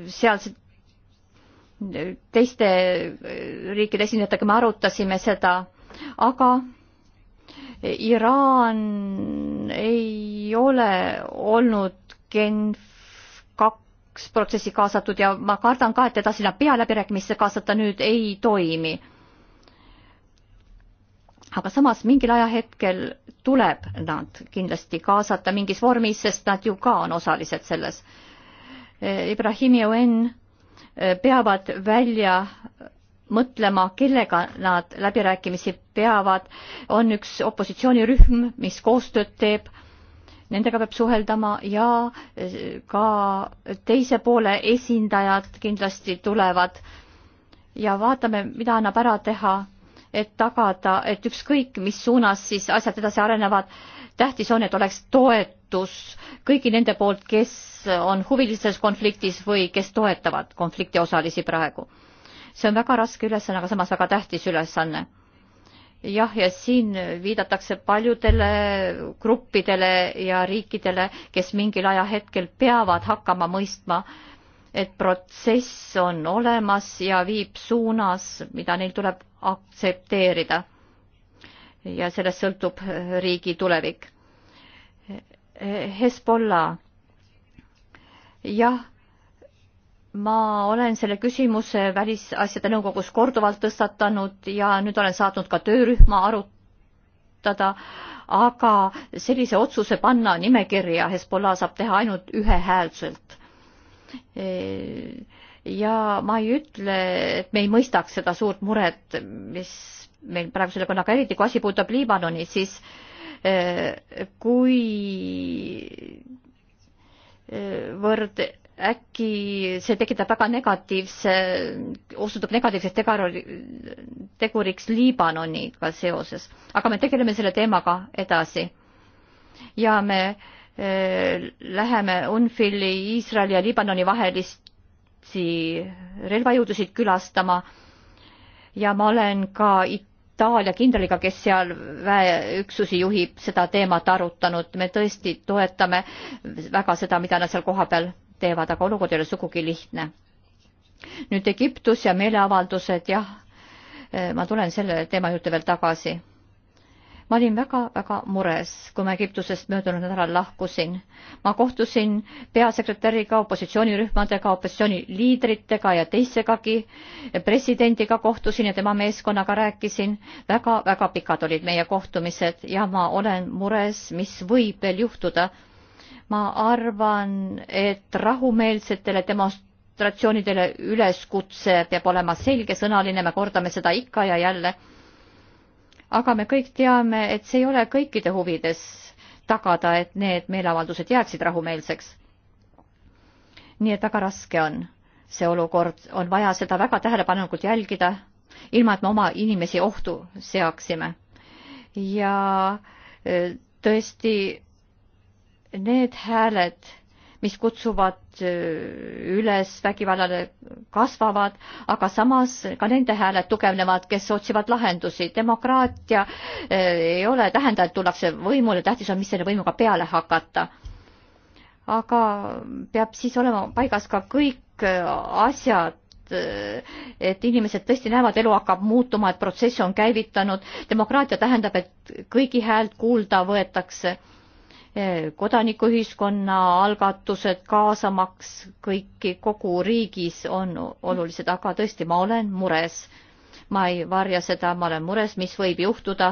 sealse teiste äh, riikide esindajatega me arutasime seda, aga Iraan ei ole olnud Genf kaks protsessi kaasatud ja ma kardan ka, et teda sinna pealäbirääkimisse kaasata nüüd ei toimi. aga samas mingil ajahetkel tuleb nad kindlasti kaasata mingis vormis, sest nad ju ka on osalised selles. Ibrahimi Oen Äh, peavad välja mõtlema, kellega nad läbirääkimisi peavad. on üks opositsioonirühm, mis koostööd teeb, nendega peab suheldama ja äh, ka teise poole esindajad kindlasti tulevad ja vaatame, mida annab ära teha, et tagada, et ükskõik, mis suunas siis asjad edasi arenevad, tähtis on, et oleks toetus kõigi nende poolt, kes on huvilistes konfliktis või kes toetavad konflikti osalisi praegu. see on väga raske ülesanne, aga samas väga tähtis ülesanne. jah, ja siin viidatakse paljudele gruppidele ja riikidele, kes mingil ajahetkel peavad hakkama mõistma, et protsess on olemas ja viib suunas, mida neil tuleb aktsepteerida ja sellest sõltub eh, riigi tulevik. Eh, Hezbollah. jah, ma olen selle küsimuse Välisasjade Nõukogus korduvalt tõstatanud ja nüüd olen saatnud ka töörühma arutada, aga sellise otsuse panna nimekirja Hezbollah saab teha ainult ühehäälselt eh, ja ma ei ütle, et me ei mõistaks seda suurt muret, mis meil praegu sellega on, aga eriti kui asi puudutab Liibanoni, siis eh, kui eh, võrd äkki see tekitab väga negatiivse, osutub negatiivseks teguriks Liibanoniga seoses, aga me tegeleme selle teemaga edasi. ja me eh, läheme UNFIL-i Iisraeli ja Liibanoni vahelisi relvajõudusid külastama ja ma olen ka It Itaalia kindraliga, kes seal väeüksusi juhib, seda teemat arutanud. me tõesti toetame väga seda, mida nad seal kohapeal teevad, aga olukord ei ole sugugi lihtne. nüüd Egiptus ja meeleavaldused, jah, ma tulen selle teema juurde veel tagasi ma olin väga-väga mures, kui ma Egiptusest möödunud nädalal lahkusin. ma kohtusin peasekretäriga, opositsioonirühmadega, opositsiooniliidritega ja teistegagi, presidendiga kohtusin ja tema meeskonnaga rääkisin väga,. väga-väga pikad olid meie kohtumised ja ma olen mures, mis võib veel juhtuda. ma arvan, et rahumeelsetele demonst-, demonstratsioonidele üleskutse peab olema selgesõnaline, me kordame seda ikka ja jälle aga me kõik teame, et see ei ole kõikide huvides tagada, et need meeleavaldused jääksid rahumeelseks. nii et väga raske on see olukord, on vaja seda väga tähelepanelikult jälgida, ilma et me oma inimesi ohtu seaksime. ja äh, tõesti, need hääled mis kutsuvad äh, üles vägivallale, kasvavad, aga samas ka nende hääled tugevnevad, kes otsivad lahendusi. demokraatia äh, ei ole, tähenda, et tullakse võimule, tähtis on, mis selle võimuga peale hakata. aga peab siis olema paigas ka kõik äh, asjad, et inimesed tõesti näevad, elu hakkab muutuma, et protsess on käivitanud. demokraatia tähendab, et kõigi häält kuulda võetakse kodanikuühiskonna algatused kaasamaks kõiki kogu riigis on olulised, aga tõesti, ma olen mures. ma ei varja seda, ma olen mures, mis võib juhtuda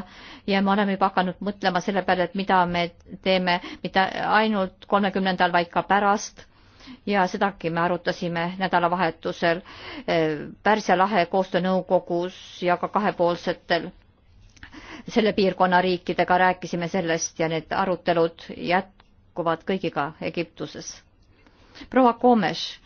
ja me oleme juba hakanud mõtlema selle peale, et mida me teeme mitte ainult kolmekümnendal, vaid ka pärast ja sedagi me arutasime nädalavahetusel eh, Pärsia lahe koostöönõukogus ja ka kahepoolsetel selle piirkonna riikidega rääkisime sellest ja need arutelud jätkuvad kõigiga Egiptuses. proua Komes,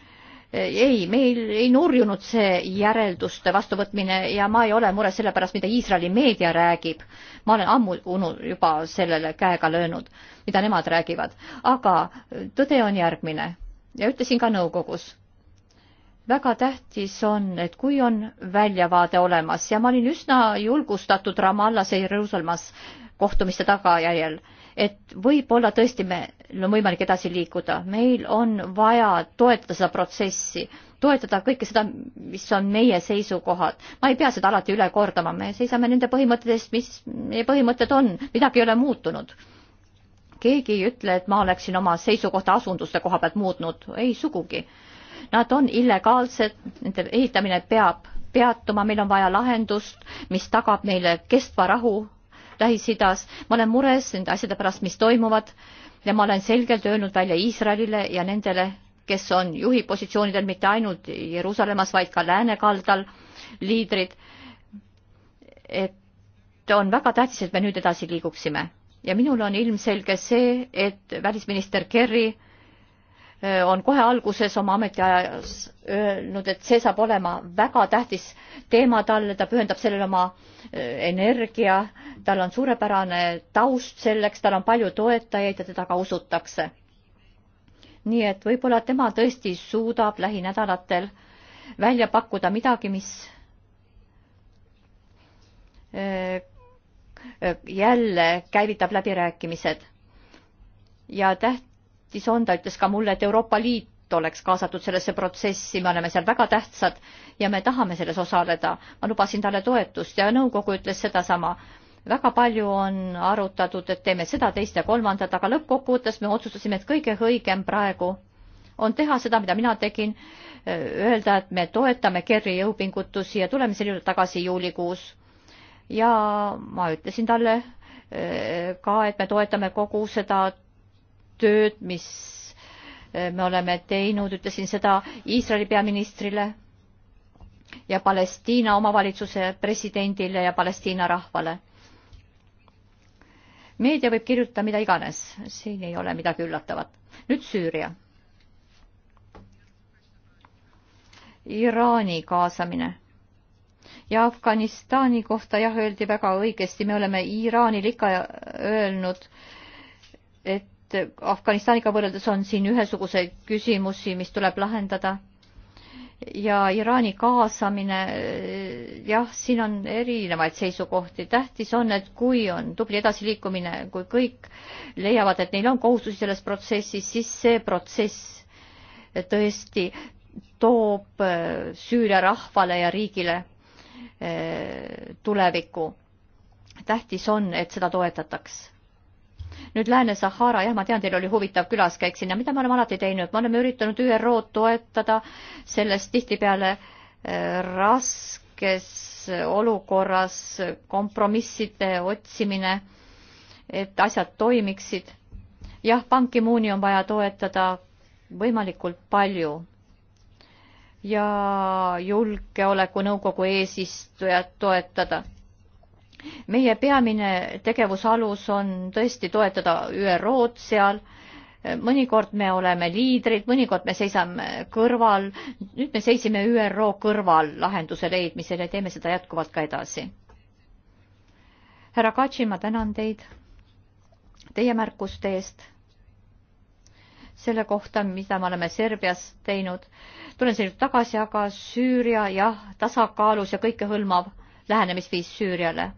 ei, meil ei nurjunud see järelduste vastuvõtmine ja ma ei ole mures selle pärast, mida Iisraeli meedia räägib. ma olen ammu unu, juba sellele käega löönud, mida nemad räägivad, aga tõde on järgmine ja ütlesin ka nõukogus väga tähtis on, et kui on väljavaade olemas ja ma olin üsna julgustatud Ramallas ja Jeruusalemmas kohtumiste tagajärjel, et võib-olla tõesti meil on võimalik edasi liikuda, meil on vaja toetada seda protsessi, toetada kõike seda, mis on meie seisukohad. ma ei pea seda alati üle kordama, me seisame nende põhimõtete eest, mis meie põhimõtted on, midagi ei ole muutunud keegi ei ütle, et ma oleksin oma seisukohta asunduste koha pealt muutnud, ei sugugi nad on illegaalsed, nende ehitamine peab peatuma, meil on vaja lahendust, mis tagab meile kestva rahu Lähis-Idas. ma olen mures nende asjade pärast, mis toimuvad ja ma olen selgelt öelnud välja Iisraelile ja nendele, kes on juhi positsioonidel mitte ainult Jeruusalemmas, vaid ka läänekaldal liidrid, et on väga tähtis, et me nüüd edasi liiguksime ja minul on ilmselge see, et välisminister Kerry on kohe alguses oma ametiajas öelnud, et see saab olema väga tähtis teema talle, ta pühendab sellele oma energia, tal on suurepärane taust selleks, tal on palju toetajaid ja teda ka usutakse. nii et võib-olla tema tõesti suudab lähinädalatel välja pakkuda midagi, mis jälle käivitab läbirääkimised ja täht-, tähtis on, ta ütles ka mulle, et Euroopa Liit oleks kaasatud sellesse protsessi, me oleme seal väga tähtsad ja me tahame selles osaleda. ma lubasin talle toetust ja nõukogu ütles sedasama. väga palju on arutatud, et teeme seda, teist ja kolmandat, aga lõppkokkuvõttes me otsustasime, et kõige õigem praegu on teha seda, mida mina tegin, öelda, et me toetame Kerri jõupingutusi ja tuleme selle juurde tagasi juulikuus. ja ma ütlesin talle ka, et me toetame kogu seda tööd, mis eh, me oleme teinud, ütlesin seda Iisraeli peaministrile ja Palestiina omavalitsuse presidendile ja Palestiina rahvale. meedia võib kirjutada mida iganes, siin ei ole midagi üllatavat. nüüd Süüria. Iraani kaasamine ja Afganistani kohta jah, öeldi väga õigesti, me oleme Iraanil ikka öelnud, et et Afganistaniga võrreldes on siin ühesuguseid küsimusi, mis tuleb lahendada. ja Iraani kaasamine, jah, siin on erinevaid seisukohti. tähtis on, et kui on tubli edasiliikumine, kui kõik leiavad, et neil on kohustusi selles protsessis, siis see protsess tõesti toob äh, Süüria rahvale ja riigile äh, tulevikku. tähtis on, et seda toetataks nüüd Lääne-Sahara, jah, ma tean, teil oli huvitav külaskäik sinna, mida me oleme alati teinud, me oleme üritanud ÜRO-d toetada selles tihtipeale äh, raskes olukorras kompromisside otsimine, et asjad toimiksid. jah, Ban Ki-mooni on vaja toetada võimalikult palju ja julgeolekunõukogu eesistujat toetada meie peamine tegevusalus on tõesti toetada ÜRO-d seal, mõnikord me oleme liidrid, mõnikord me seisame kõrval, nüüd me seisime ÜRO kõrval lahenduse leidmisel ja teeme seda jätkuvalt ka edasi. härra Katši, ma tänan teid teie märkuste eest selle kohta, mida me oleme Serbias teinud. tulen selle juurde tagasi, aga Süüria jah, tasakaalus ja kõikehõlmav lähenemisviis Süüriale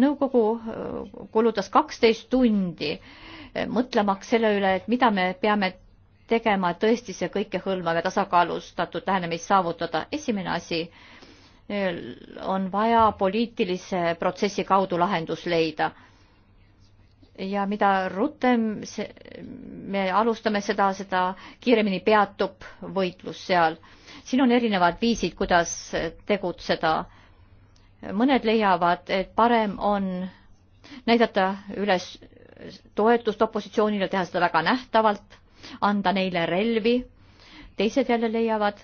nõukogu äh, kulutas kaksteist tundi äh, mõtlemaks selle üle, et mida me peame tegema, et tõesti see kõikehõlmav ja tasakaalustatud lähenemist saavutada. esimene asi äh, on vaja poliitilise protsessi kaudu lahendus leida ja mida rutem see, me alustame seda, seda kiiremini peatub võitlus seal. siin on erinevad viisid, kuidas tegutseda mõned leiavad, et parem on näidata üles toetust opositsioonile, teha seda väga nähtavalt, anda neile relvi. teised jälle leiavad,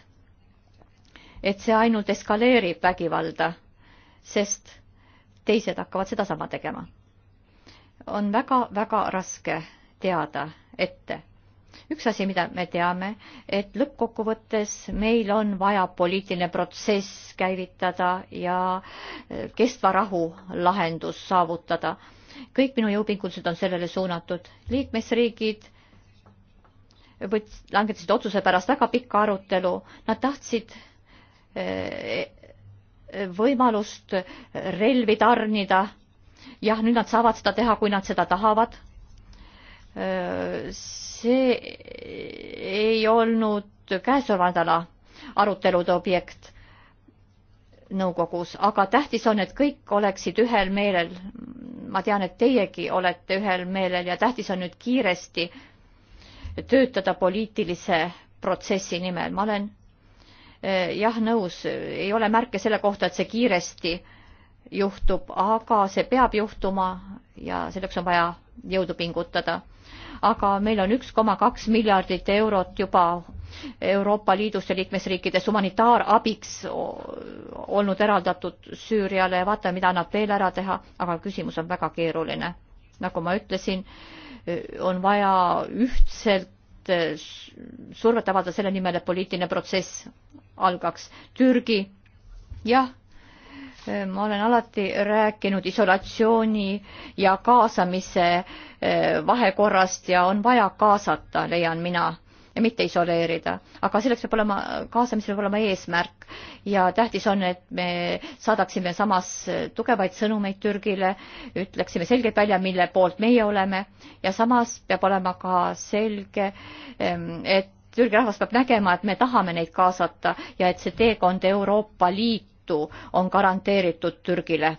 et see ainult eskaleerib vägivalda, sest teised hakkavad sedasama tegema. on väga-väga raske teada ette üks asi, mida me teame, et lõppkokkuvõttes meil on vaja poliitiline protsess käivitada ja eh, kestva rahu lahendus saavutada. kõik minu jõupingutused on sellele suunatud. liikmesriigid võts-, langetasid otsuse pärast väga pikka arutelu, nad tahtsid eh, võimalust relvi tarnida. jah, nüüd nad saavad seda teha, kui nad seda tahavad Äh, see ei olnud käesoleva nädala arutelude objekt nõukogus, aga tähtis on, et kõik oleksid ühel meelel. ma tean, et teiegi olete ühel meelel ja tähtis on nüüd kiiresti töötada poliitilise protsessi nimel. ma olen äh, jah nõus, ei ole märke selle kohta, et see kiiresti juhtub, aga see peab juhtuma ja selleks on vaja jõudu pingutada aga meil on üks koma kaks miljardit eurot juba Euroopa Liidus ja liikmesriikides humanitaarabiks olnud eraldatud Süüriale ja vaatame, mida annab veel ära teha, aga küsimus on väga keeruline. nagu ma ütlesin, on vaja ühtselt survet avaldada selle nimel, et poliitiline protsess algaks. Türgi, jah Ehm, ma olen alati rääkinud isolatsiooni ja kaasamise ehm, vahekorrast ja on vaja kaasata, leian mina, ja mitte isoleerida. aga selleks peab olema, kaasamisel peab olema eesmärk ja tähtis on, et me saadaksime samas ehm, tugevaid sõnumeid Türgile, ütleksime selgelt välja, mille poolt meie oleme ja samas peab olema ka selge, et Türgi rahvas peab nägema, et me tahame neid kaasata ja et see teekond Euroopa Liit tõttu on garanteeritud Türgile.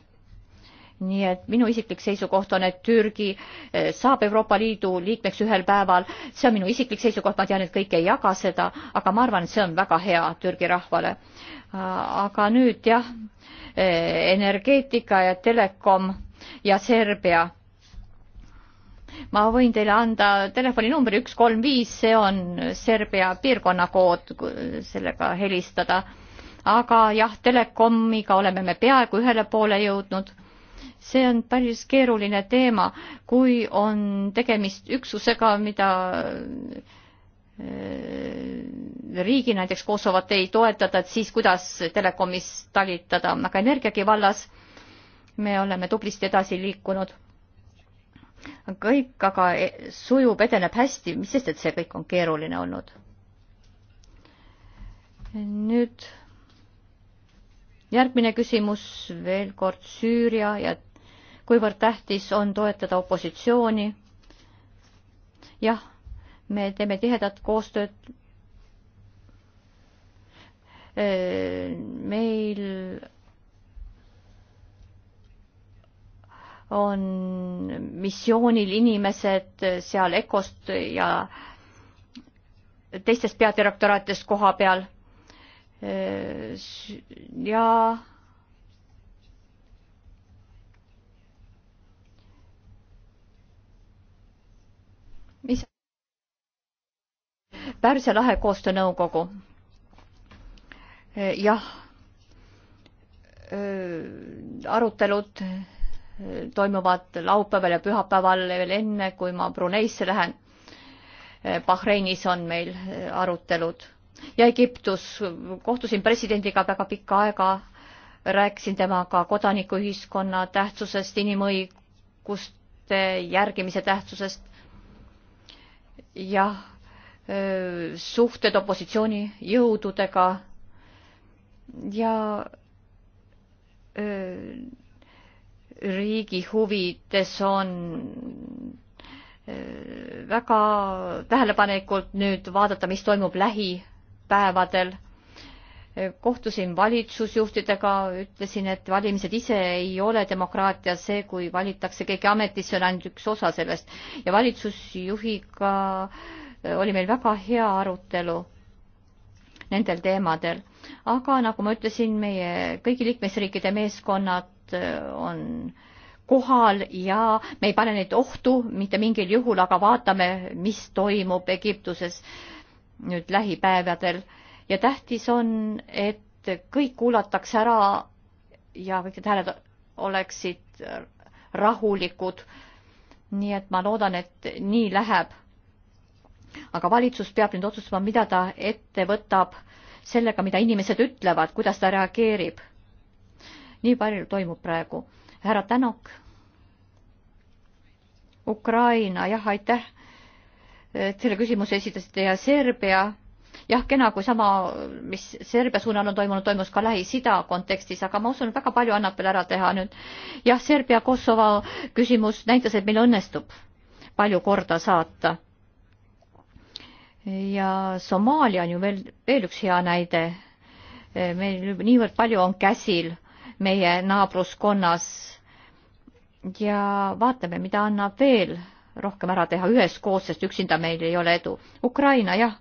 nii et minu isiklik seisukoht on, et Türgi eh, saab Euroopa Liidu liikmeks ühel päeval, see on minu isiklik seisukoht, ma tean, et kõik ei jaga seda, aga ma arvan, et see on väga hea Türgi rahvale. Ah, aga nüüd jah, eh, energeetika ja telekom ja Serbia ma võin teile anda telefoninumbri üks kolm viis, see on Serbia piirkonna kood, sellega helistada aga jah, telekomiga oleme me peaaegu ühele poole jõudnud. see on päris keeruline teema, kui on tegemist üksusega, mida äh, riigi näiteks Kosovot ei toetata, et siis kuidas telekomis talitada, aga energiagi vallas me oleme tublisti edasi liikunud. kõik aga e, sujub, edeneb hästi, mis sest, et see kõik on keeruline olnud. nüüd järgmine küsimus veel kord Süüria ja kuivõrd tähtis on toetada opositsiooni. jah, me teeme tihedat koostööd. meil on missioonil inimesed seal EKOst ja teistest peadirektoraatidest koha peal Äh, ja mis Pärsia lahe koostöönõukogu. Äh, jah, äh, arutelud toimuvad laupäeval ja pühapäeval veel enne, kui ma Bruneisse lähen. Bahreinis on meil arutelud ja Egiptus. kohtusin presidendiga väga pikka aega, rääkisin temaga kodanikuühiskonna tähtsusest, inimõiguste järgimise tähtsusest. jah, suhted opositsioonijõududega ja öö, riigi huvides on väga tähelepanelikult nüüd vaadata, mis toimub lähi päevadel kohtusin valitsusjuhtidega, ütlesin, et valimised ise ei ole demokraatia, see, kui valitakse keegi ametisse, on ainult üks osa sellest. ja valitsusjuhiga oli meil väga hea arutelu nendel teemadel. aga nagu ma ütlesin, meie kõigi liikmesriikide meeskonnad äh, on kohal ja me ei pane neid ohtu mitte mingil juhul, aga vaatame, mis toimub Egiptuses äh, nüüd lähipäevadel ja tähtis on, et kõik kuulatakse ära ja kõik need hääled oleksid rahulikud. nii et ma loodan, et nii läheb. aga valitsus peab nüüd otsustama, mida ta ette võtab sellega, mida inimesed ütlevad, kuidas ta reageerib. nii palju toimub praegu. härra Tänok. Ukraina, jah, aitäh et selle küsimuse esitasite ja Serbia, jah, kena, kui sama, mis Serbia suunal on toimunud, toimus ka Lähis-Ida kontekstis, aga ma usun, et väga palju annab veel ära teha nüüd. jah, Serbia-Kosovo küsimus näitas, et meil õnnestub palju korda saata. ja Somaalia on ju veel, veel üks hea näide. meil niivõrd palju on käsil meie naabruskonnas ja vaatame, mida annab veel rohkem ära teha üheskoos, sest üksinda meil ei ole edu. Ukraina, jah.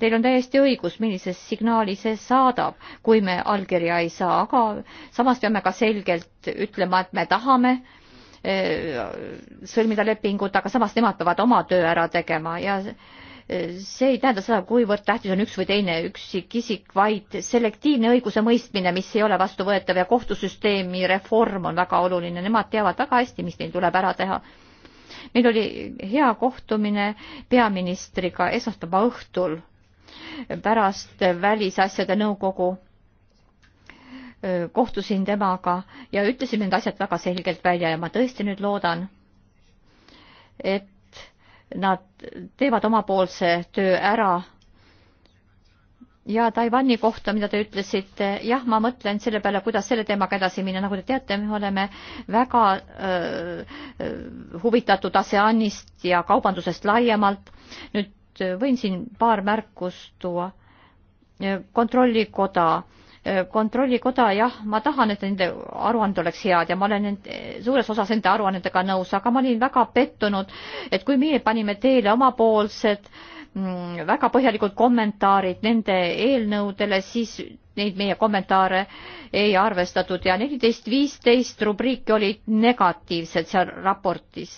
Teil on täiesti õigus, millise signaali see saadab, kui me allkirja ei saa, aga samas peame ka selgelt ütlema, et me tahame eh, sõlmida lepingut, aga samas nemad peavad oma töö ära tegema ja eh, see ei tähenda seda, kuivõrd tähtis on üks või teine üksikisik, vaid selektiivne õigusemõistmine, mis ei ole vastuvõetav ja kohtusüsteemi reform on väga oluline, nemad teavad väga hästi, mis neil tuleb ära teha meil oli hea kohtumine peaministriga esmaspäeva õhtul pärast välisasjade nõukogu kohtusin temaga ja ütlesin need asjad väga selgelt välja ja ma tõesti nüüd loodan, et nad teevad omapoolse töö ära ja Taiwan'i kohta, mida te ütlesite, jah, ma mõtlen selle peale, kuidas selle teemaga edasi minna, nagu te teate, me oleme väga äh, huvitatud ASEANist ja kaubandusest laiemalt. nüüd võin siin paar märkust tuua. kontrollikoda, kontrollikoda, jah, ma tahan, et nende aruanded oleks head ja ma olen nende, suures osas nende aruannetega nõus, aga ma olin väga pettunud, et kui meie panime teele omapoolsed äh, Mm, väga põhjalikud kommentaarid nende eelnõudele, siis neid meie kommentaare ei arvestatud ja neliteist, viisteist rubriiki olid negatiivsed seal raportis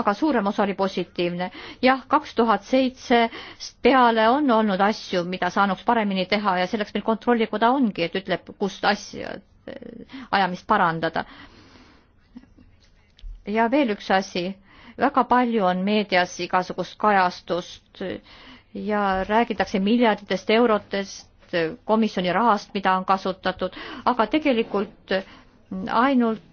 aga suurem osa oli positiivne. jah, kaks tuhat seitsest peale on olnud asju, mida saanuks paremini teha ja selleks meil Kontrollikoda ongi, et ütleb, kust asja, äh, ajamist parandada. ja veel üks asi väga palju on meedias igasugust kajastust ja räägitakse miljarditest eurotest, komisjoni rahast, mida on kasutatud, aga tegelikult ainult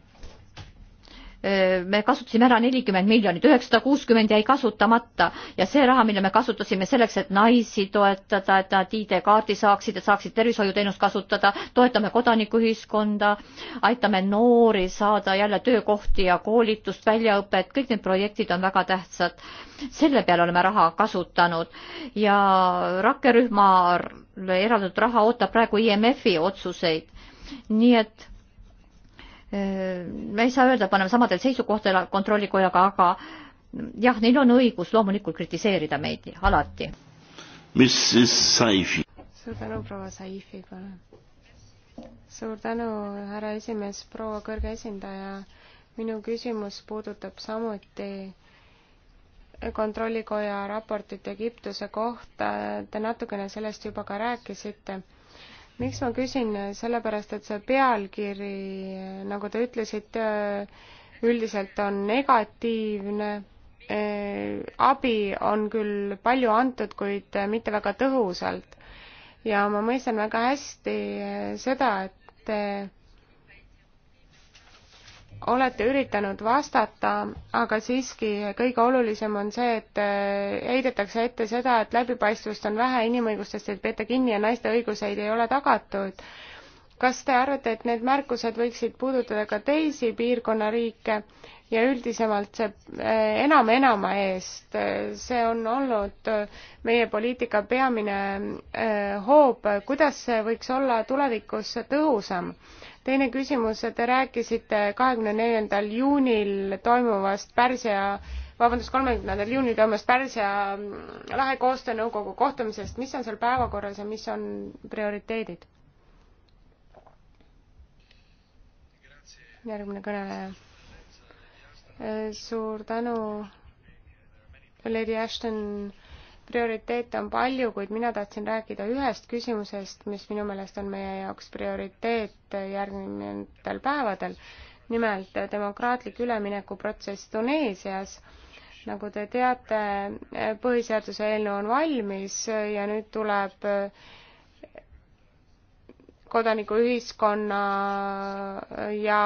me kasutasime ära nelikümmend miljonit, üheksasada kuuskümmend jäi kasutamata ja see raha, mille me kasutasime selleks, et naisi toetada, et nad ID-kaardi saaksid, et saaksid tervishoiuteenust kasutada, toetame kodanikuühiskonda, aitame noori saada jälle töökohti ja koolitust, väljaõpet, kõik need projektid on väga tähtsad. selle peale oleme raha kasutanud ja rakkerühma eraldatud raha ootab praegu IMF-i otsuseid. nii et me äh, ei saa öelda, et me oleme samadel seisukohtadel kontrollikojaga, aga jah, neil on õigus loomulikult kritiseerida meid alati. mis siis Saifi? suur tänu, proua Saifi, palun. suur tänu, härra esimees, proua kõrge esindaja. minu küsimus puudutab samuti kontrollikoja raportit Egiptuse kohta. Te natukene sellest juba ka rääkisite miks ma küsin, sellepärast et see pealkiri, nagu te ütlesite, üldiselt on negatiivne, e, abi on küll palju antud, kuid mitte väga tõhusalt. ja ma mõistan väga hästi seda, et te olete üritanud vastata, aga siiski kõige olulisem on see, et äh, heidetakse ette seda, et läbipaistvust on vähe, inimõigustest ei peeta kinni ja naiste õiguseid ei ole tagatud. kas te arvate, et need märkused võiksid puudutada ka teisi piirkonna riike ja üldisemalt see äh, enam enama eest, see on olnud äh, meie poliitika peamine hoob, kuidas see võiks olla tulevikus tõhusam? teine küsimus, te rääkisite kahekümne neljandal juunil toimuvast Pärsia, vabandust, kolmekümnendal juunil toimuvast Pärsia mm, lahe koostöönõukogu kohtumisest, mis on seal päevakorras ja mis on prioriteedid? järgmine kõneleja. suur tänu, Lady Ashton prioriteete on palju, kuid mina tahtsin rääkida ühest küsimusest, mis minu meelest on meie jaoks prioriteet järgnevatel päevadel. nimelt demokraatlik üleminekuprotsess Tuneesias. nagu te teate, põhiseaduse eelnõu on valmis ja nüüd tuleb kodanikuühiskonna ja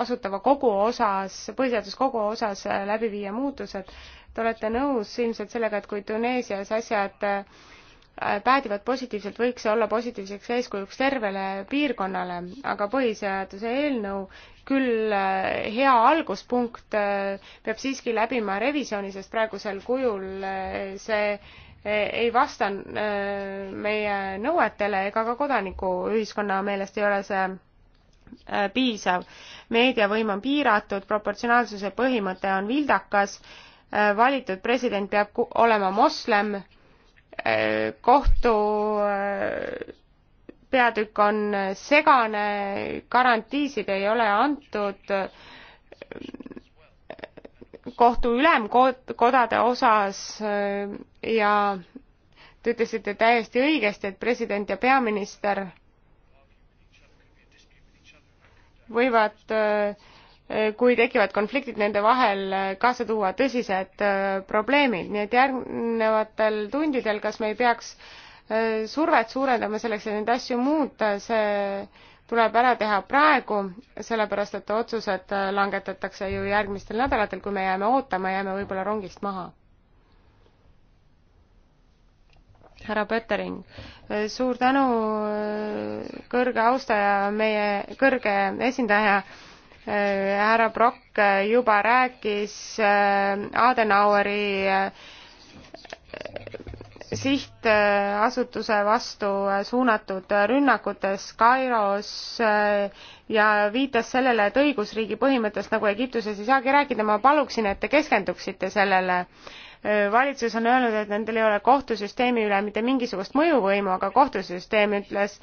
asutava kogu osas, põhiseaduskogu osas läbi viia muutused Te olete nõus ilmselt sellega, et kui Tuneesias asjad äh, päädivad positiivselt, võiks see olla positiivseks eeskujuks tervele piirkonnale, aga põhiseaduse eelnõu küll äh, hea alguspunkt äh, peab siiski läbima revisjoni, sest praegusel kujul see ei vasta meie nõuetele ega ka kodanikuühiskonna meelest ei ole see piisav. meediavõim on piiratud, proportsionaalsuse põhimõte on vildakas Äh, valitud president peab olema moslem, äh, kohtu äh, peatükk on segane, garantiisid ei ole antud, kohtu ülemkodade osas ja te ütlesite täiesti õigesti, et president ja peaminister võivad äh, Äh, kui tekivad konfliktid nende vahel, äh, kaasa tuua tõsised äh, probleemid, nii et järgnevatel tundidel, kas me ei peaks survet suurendama selleks, et neid asju muuta, see tuleb ära teha praegu, sellepärast et otsused langetatakse ju järgmistel nädalatel, kui me jääme ootama, jääme võib-olla rongist maha. härra Pöttering, suur tänu, kõrge austaja, meie kõrge esindaja Äh, härra Brock äh, juba rääkis äh, Adenaueri sihtasutuse vastu suunatud rünnakutes Kairos ja viitas sellele, et õigusriigi põhimõttest nagu Egiptuses ei saagi rääkida, ma paluksin, et te keskenduksite sellele valitsus on öelnud, et nendel ei ole kohtusüsteemi üle mitte mingisugust mõjuvõimu, aga kohtusüsteem ütles,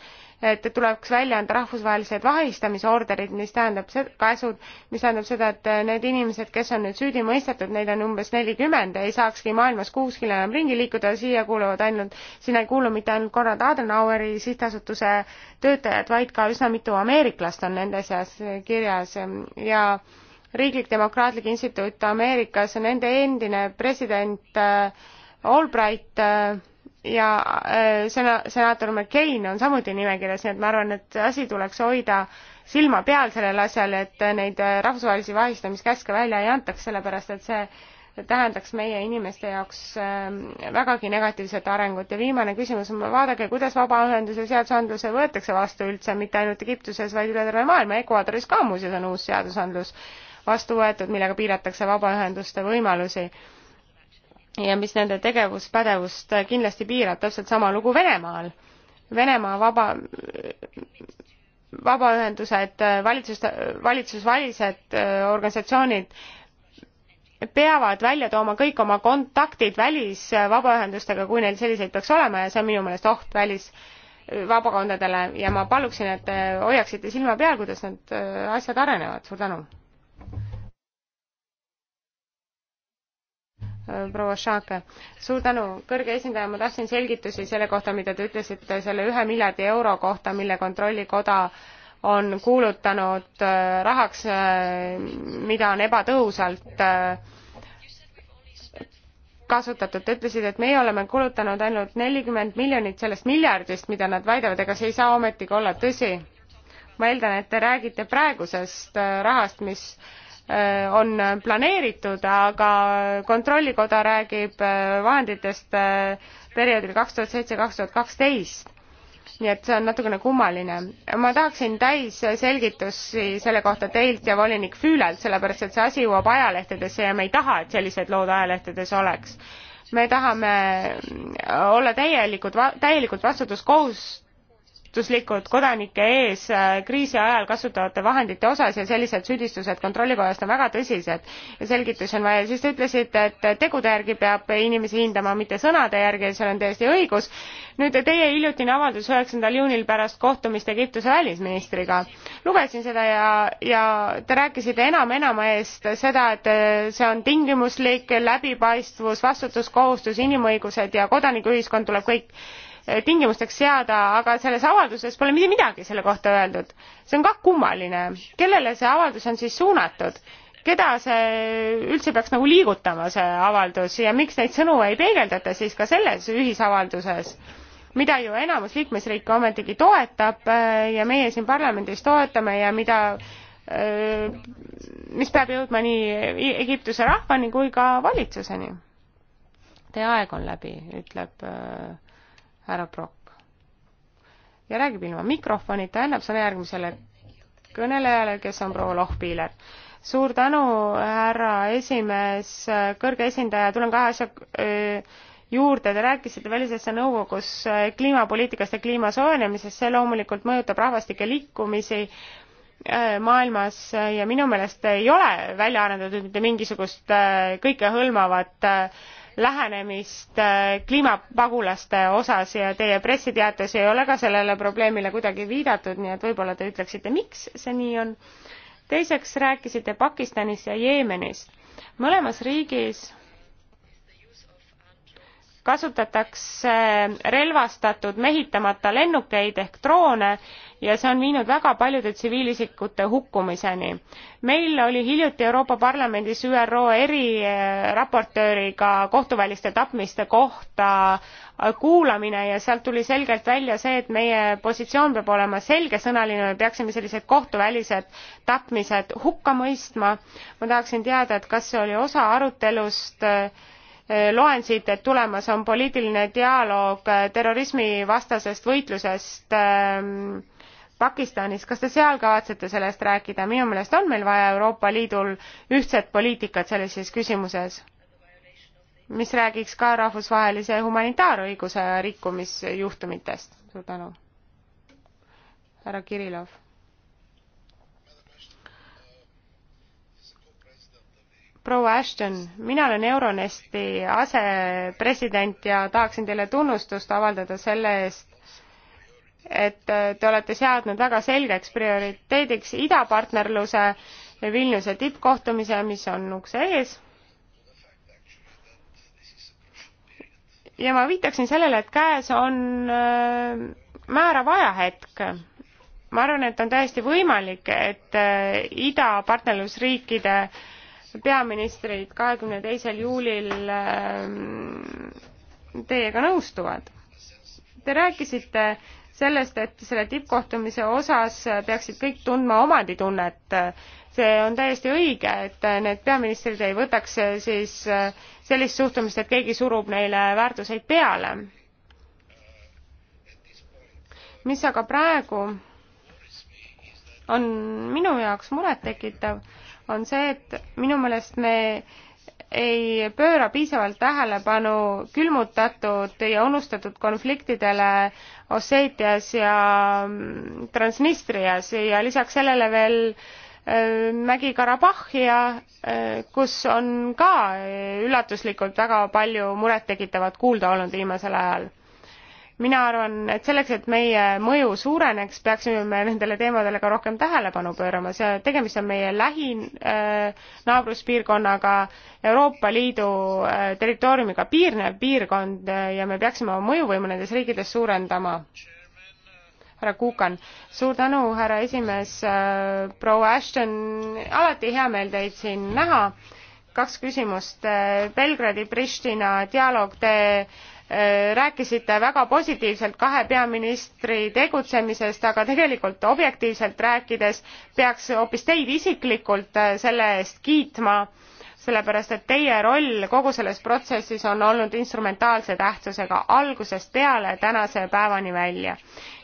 et tuleks välja anda rahvusvahelised vahistamisorderid, mis tähendab seda, käsud, mis tähendab seda, et need inimesed, kes on nüüd süüdi mõistetud, neid on umbes nelikümmend, ei saakski maailmas kuskil enam ringi liikuda, siia kuuluvad ainult, sinna ei kuulu mitte ainult Konrad Adenaueri sihtasutuse töötajad, vaid ka üsna mitu ameeriklast on nende seas kirjas ja riiklik demokraatlik instituut Ameerikas, nende endine president äh, Albright äh, ja äh, sena-, senaator McCain on samuti nimekirjas, nii et ma arvan, et asi tuleks hoida silma peal sellel asjal, et neid rahvusvahelisi vahistamiskäske välja ei antaks, sellepärast et see tähendaks meie inimeste jaoks vägagi negatiivset arengut ja viimane küsimus on, vaadake, kuidas vabaühenduse seadusandluse võetakse vastu üldse, mitte ainult Egiptuses, vaid üle terve maailma, Ecuadoris ka muuseas on uus seadusandlus vastu võetud, millega piiratakse vabaühenduste võimalusi ja mis nende tegevuspädevust kindlasti piirab, täpselt sama lugu Venemaal. Venemaa vaba, vabaühendused, valitsus, valitsusvälised organisatsioonid peavad välja tooma kõik oma kontaktid välisvabaühendustega, kui neil selliseid peaks olema ja see on minu meelest oht välisvabakondadele ja ma paluksin, et te hoiaksite silma peal, kuidas need äh, asjad arenevad, suur tänu. Äh, proua Šaake. suur tänu, kõrge esindaja, ma tahtsin selgitusi selle kohta, mida te ütlesite selle ühe miljardi euro kohta, mille Kontrollikoda on kuulutanud äh, rahaks, äh, mida on ebatõhusalt kasutatud, te ütlesite, et meie oleme kulutanud ainult nelikümmend miljonit sellest miljardist, mida nad väidavad, ega see ei saa ometigi olla tõsi. ma eeldan, et te räägite praegusest rahast, mis Äh, on planeeritud, aga Kontrollikoda räägib äh, vahenditest äh, perioodil kaks tuhat seitse, kaks tuhat kaksteist. nii et see on natukene kummaline. ma tahaksin täisselgitusi selle kohta teilt ja volinik Füülelt, sellepärast et see asi jõuab ajalehtedesse ja me ei taha, et sellised lood ajalehtedes oleks me tahame olla täielikud, täielikult vastutuskohus-, vastutuslikud kodanike ees äh, kriisi ajal kasutavate vahendite osas ja sellised süüdistused kontrollikojast on väga tõsised ja selgitusi on vaja ja siis te ütlesite et tegude järgi peab inimesi hindama mitte sõnade järgi ja seal on täiesti õigus nüüd teie hiljutine avaldus üheksandal juunil pärast kohtumist egiptuse välisministriga lugesin seda ja ja te rääkisite enam enama eest seda et see on tingimuslik läbipaistvus vastutuskohustus inimõigused ja kodanikuühiskond tuleb kõik Eh, tingimusteks seada, aga selles avalduses pole mitte midagi selle kohta öeldud. see on ka kummaline, kellele see avaldus on siis suunatud? keda see üldse peaks nagu liigutama, see avaldus ja miks neid sõnu ei peegeldata siis ka selles ühisavalduses? mida ju enamus liikmesriike ometigi toetab eh, ja meie siin parlamendis toetame ja mida eh, mis peab jõudma nii e-, Egiptuse rahvani kui ka valitsuseni. Teie aeg on läbi, ütleb äh, härra Brock. ja räägib ilma mikrofonita, annab sõna järgmisele kõnelejale, kes on proua Lohpiiler. suur tänu, härra esimees, kõrge esindaja, tulen kahe asja öö, juurde, te rääkisite välisasja nõukogus kliimapoliitikast ja kliima soojenemisest, see loomulikult mõjutab rahvastike liikumisi maailmas ja minu meelest ei ole välja arendatud mitte mingisugust kõikehõlmavat lähenemist äh, kliimapagulaste osas ja teie pressiteates ei ole ka sellele probleemile kuidagi viidatud, nii et võib-olla te ütleksite, miks see nii on. teiseks rääkisite Pakistanist ja Jeemenist. mõlemas riigis kasutatakse relvastatud mehitamata lennukeid ehk droone ja see on viinud väga paljude tsiviilisikute hukkumiseni. meil oli hiljuti Euroopa Parlamendis ÜRO eriraportööriga kohtuväliste tapmiste kohta kuulamine ja sealt tuli selgelt välja see, et meie positsioon peab olema selgesõnaline, me peaksime sellised kohtuvälised tapmised hukka mõistma. ma tahaksin teada, et kas see oli osa arutelust äh, Eh, loen siit, et tulemas on poliitiline dialoog eh, terrorismivastasest võitlusest ehm, Pakistanis, kas te seal kavatsete sellest rääkida, minu meelest on meil vaja Euroopa Liidul ühtset poliitikat sellises küsimuses, mis räägiks ka rahvusvahelise humanitaarõiguse rikkumisjuhtumitest. suur tänu. härra Kirillov proua Ashton, mina olen Euronesti asepresident ja tahaksin teile tunnustust avaldada selle eest, et te olete seadnud väga selgeks prioriteediks idapartnerluse Vilniuse tippkohtumise, mis on ukse ees. ja ma viitaksin sellele, et käes on äh, määrav ajahetk ma arvan, et on täiesti võimalik, et äh, idapartnerlusriikide äh, peaministrid kahekümne teisel juulil ähm, teiega nõustuvad. Te rääkisite sellest, et selle tippkohtumise osas peaksid kõik tundma omanditunnet. see on täiesti õige, et need peaministrid ei võtaks äh, siis äh, sellist suhtumist, et keegi surub neile väärtuseid peale. mis aga praegu on minu jaoks murettekitav on see, et minu meelest me ei pööra piisavalt tähelepanu külmutatud ja unustatud konfliktidele Osseetias ja mm, Transnistrias ja lisaks sellele veel äh, Mägi-Karabahhia, äh, kus on ka üllatuslikult väga palju murettekitavat kuulda olnud viimasel ajal mina arvan, et selleks, et meie mõju suureneks, peaksime me nendele teemadele ka rohkem tähelepanu pöörama, see, tegemist on meie lähinaabruspiirkonnaga, äh, Euroopa Liidu äh, territooriumiga piirnev piirkond äh, ja me peaksime oma mõjuvõimu nendes riikides suurendama. härra Kukan, suur tänu, härra esimees, proua Ashton, alati hea meel teid siin näha. kaks küsimust, Belgradi-Pristina dialoog, te Äh, rääkisite väga positiivselt kahe peaministri tegutsemisest aga tegelikult objektiivselt rääkides peaks hoopis teid isiklikult äh, selle eest kiitma sellepärast et teie roll kogu selles protsessis on olnud instrumentaalse tähtsusega algusest peale tänase päevani välja.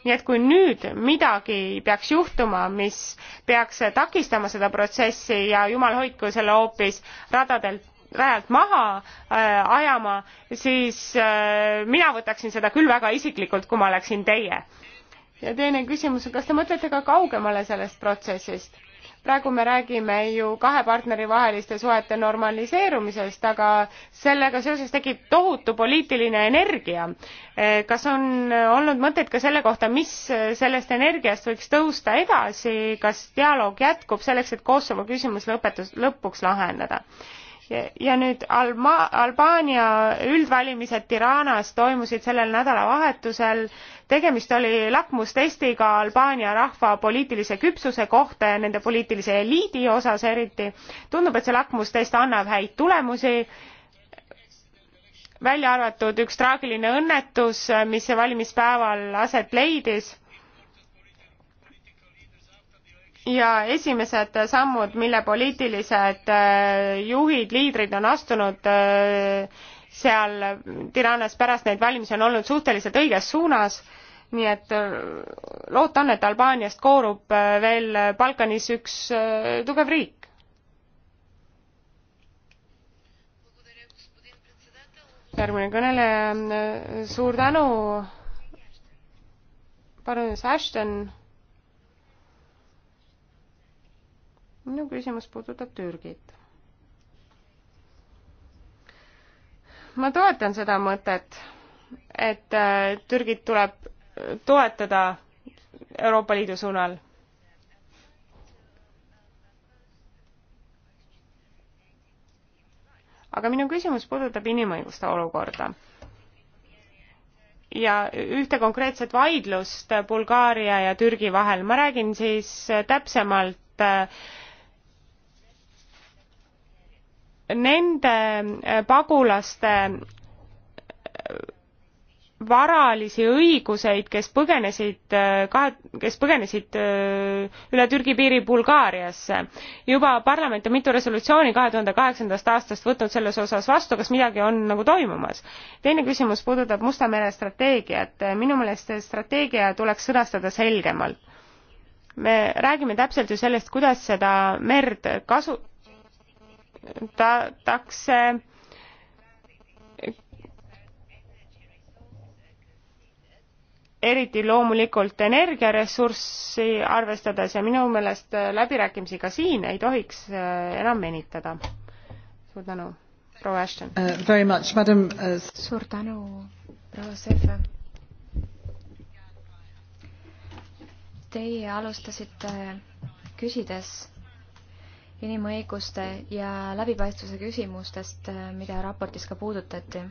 nii et kui nüüd midagi peaks juhtuma, mis peaks takistama seda protsessi ja jumal hoidku selle hoopis radadelt rajalt maha äh, ajama, siis äh, mina võtaksin seda küll väga isiklikult, kui ma oleksin teie. ja teine küsimus on, kas te mõtlete ka kaugemale sellest protsessist? praegu me räägime ju kahe partneri vaheliste suhete normaliseerumisest, aga sellega seoses tekib tohutu poliitiline energia. Äh, kas on olnud mõtteid ka selle kohta, mis sellest energiast võiks tõusta edasi, kas dialoog jätkub selleks, et Kosovo küsimus lõpetus, lõpuks lahendada? ja nüüd Alma Albaania üldvalimised Tiranas toimusid sellel nädalavahetusel. tegemist oli lakmustestiga Albaania rahva poliitilise küpsuse kohta ja nende poliitilise eliidi osas eriti. tundub, et see lakmustest annab häid tulemusi, välja arvatud üks traagiline õnnetus, mis valimispäeval aset leidis ja esimesed sammud, mille poliitilised äh, juhid, liidrid on astunud äh, seal Tiranas pärast neid valimisi, on olnud suhteliselt õiges suunas, nii et äh, loota on, et Albaaniast koorub veel Balkanis üks tugev riik. järgmine kõneleja, suur tänu, palun, Ashton minu küsimus puudutab Türgit. ma toetan seda mõtet, et äh, Türgit tuleb äh, toetada Euroopa Liidu suunal. aga minu küsimus puudutab inimõiguste olukorda ja ühte konkreetset vaidlust Bulgaaria ja Türgi vahel. ma räägin siis täpsemalt äh, nende äh, pagulaste äh, varalisi õiguseid, kes põgenesid, äh, kes põgenesid üle Türgi piiri Bulgaariasse. juba parlament on mitu resolutsiooni kahe tuhande kaheksandast aastast võtnud selles osas vastu, kas midagi on nagu toimumas? teine küsimus puudutab Musta mere strateegiat. minu meelest see strateegia tuleks sõnastada selgemalt. me räägime täpselt ju sellest, kuidas seda merd kasu-, kasutatakse eriti loomulikult energiaressurssi arvestades ja minu meelest läbirääkimisi ka siin ei tohiks äh, enam venitada. suur tänu, proua Ashton uh,. Very much, madam uh.... suur tänu, proua Sefe. Teie alustasite küsides inimõiguste ja läbipaistvuse küsimustest, äh, mida raportis ka puudutati.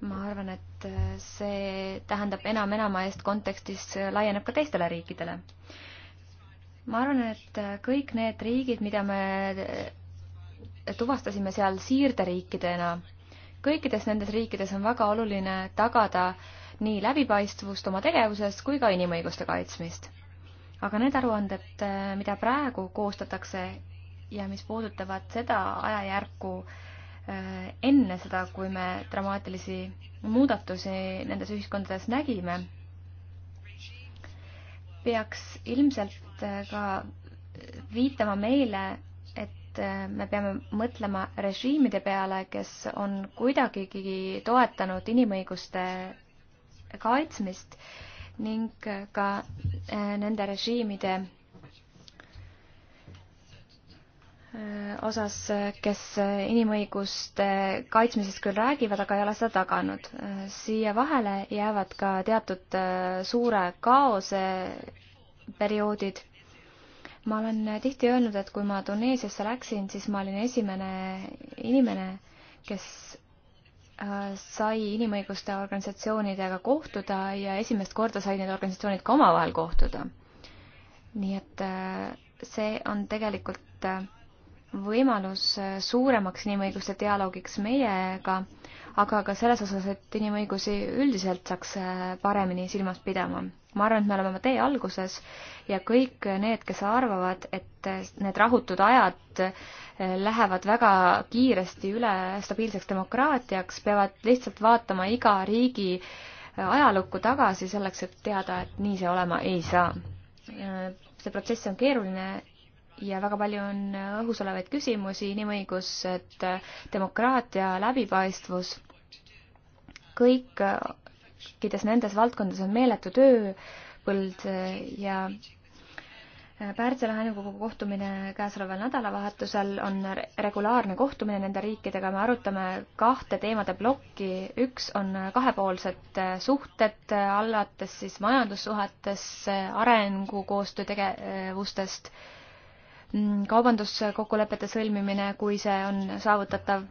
ma arvan, et äh, see tähendab enam enama eest kontekstis äh, laieneb ka teistele riikidele. ma arvan, et kõik need riigid, mida me tuvastasime seal siirderiikidena, kõikides nendes riikides on väga oluline tagada nii läbipaistvust oma tegevuses kui ka inimõiguste kaitsmist aga need aruanded, mida praegu koostatakse ja mis puudutavad seda ajajärku äh, enne seda, kui me dramaatilisi muudatusi nendes ühiskondades nägime, peaks ilmselt äh, ka viitama meile, et äh, me peame mõtlema režiimide peale, kes on kuidagigi toetanud inimõiguste kaitsmist ning ka nende režiimide osas, kes inimõiguste kaitsmisest küll räägivad, aga ei ole seda taganud. siia vahele jäävad ka teatud äh, suure kaose perioodid. ma olen tihti öelnud, et kui ma Tuneesiasse läksin, siis ma olin esimene inimene, kes äh, sai inimõiguste organisatsioonidega kohtuda ja esimest korda said need organisatsioonid ka omavahel kohtuda. nii et äh, see on tegelikult võimalus äh, suuremaks inimõiguste dialoogiks meiega, aga ka selles osas, et inimõigusi üldiselt saaks äh, paremini silmas pidama. ma arvan, et me oleme oma tee alguses ja kõik need, kes arvavad, et äh, need rahutud ajad lähevad väga kiiresti üle stabiilseks demokraatiaks, peavad lihtsalt vaatama iga riigi ajalukku tagasi selleks, et teada, et nii see olema ei saa see protsess on keeruline ja väga palju on õhus olevaid küsimusi, inimõigused, demokraatia, läbipaistvus, kõik, kides nendes valdkondades on meeletu tööpõld ja Pärtsela Häälingukogu kohtumine käesoleval nädalavahetusel on regulaarne kohtumine nende riikidega, me arutame kahte teemade plokki, üks on kahepoolsed suhted, alates siis majandussuhetes, arengukoostöö tegevustest äh, Mm, kaubanduskokkulepete sõlmimine, kui see on saavutatav.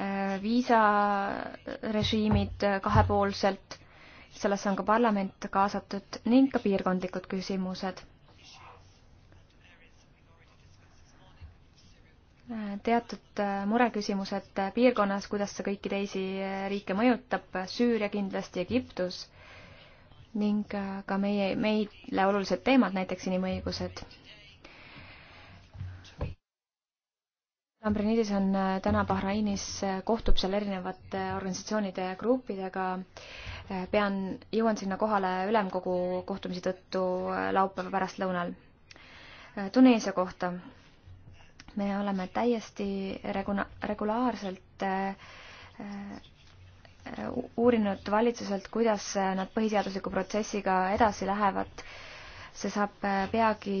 Äh, viisarežiimid kahepoolselt, sellesse on ka parlament kaasatud ning ka piirkondlikud küsimused. Äh, teatud äh, mureküsimused piirkonnas, kuidas see kõiki teisi riike mõjutab, Süüria kindlasti, Egiptus ning ka meie, meile olulised teemad, näiteks inimõigused Lambrinidis on äh, täna Bahrainis, äh, kohtub seal erinevate äh, organisatsioonide ja gruppidega. pean, jõuan sinna kohale ülemkogu kohtumise tõttu laupäeva pärastlõunal. Tuneesia kohta. me oleme täiesti regula-, regulaarselt uurinud valitsuselt, kuidas nad põhiseadusliku protsessiga edasi lähevad. see saab peagi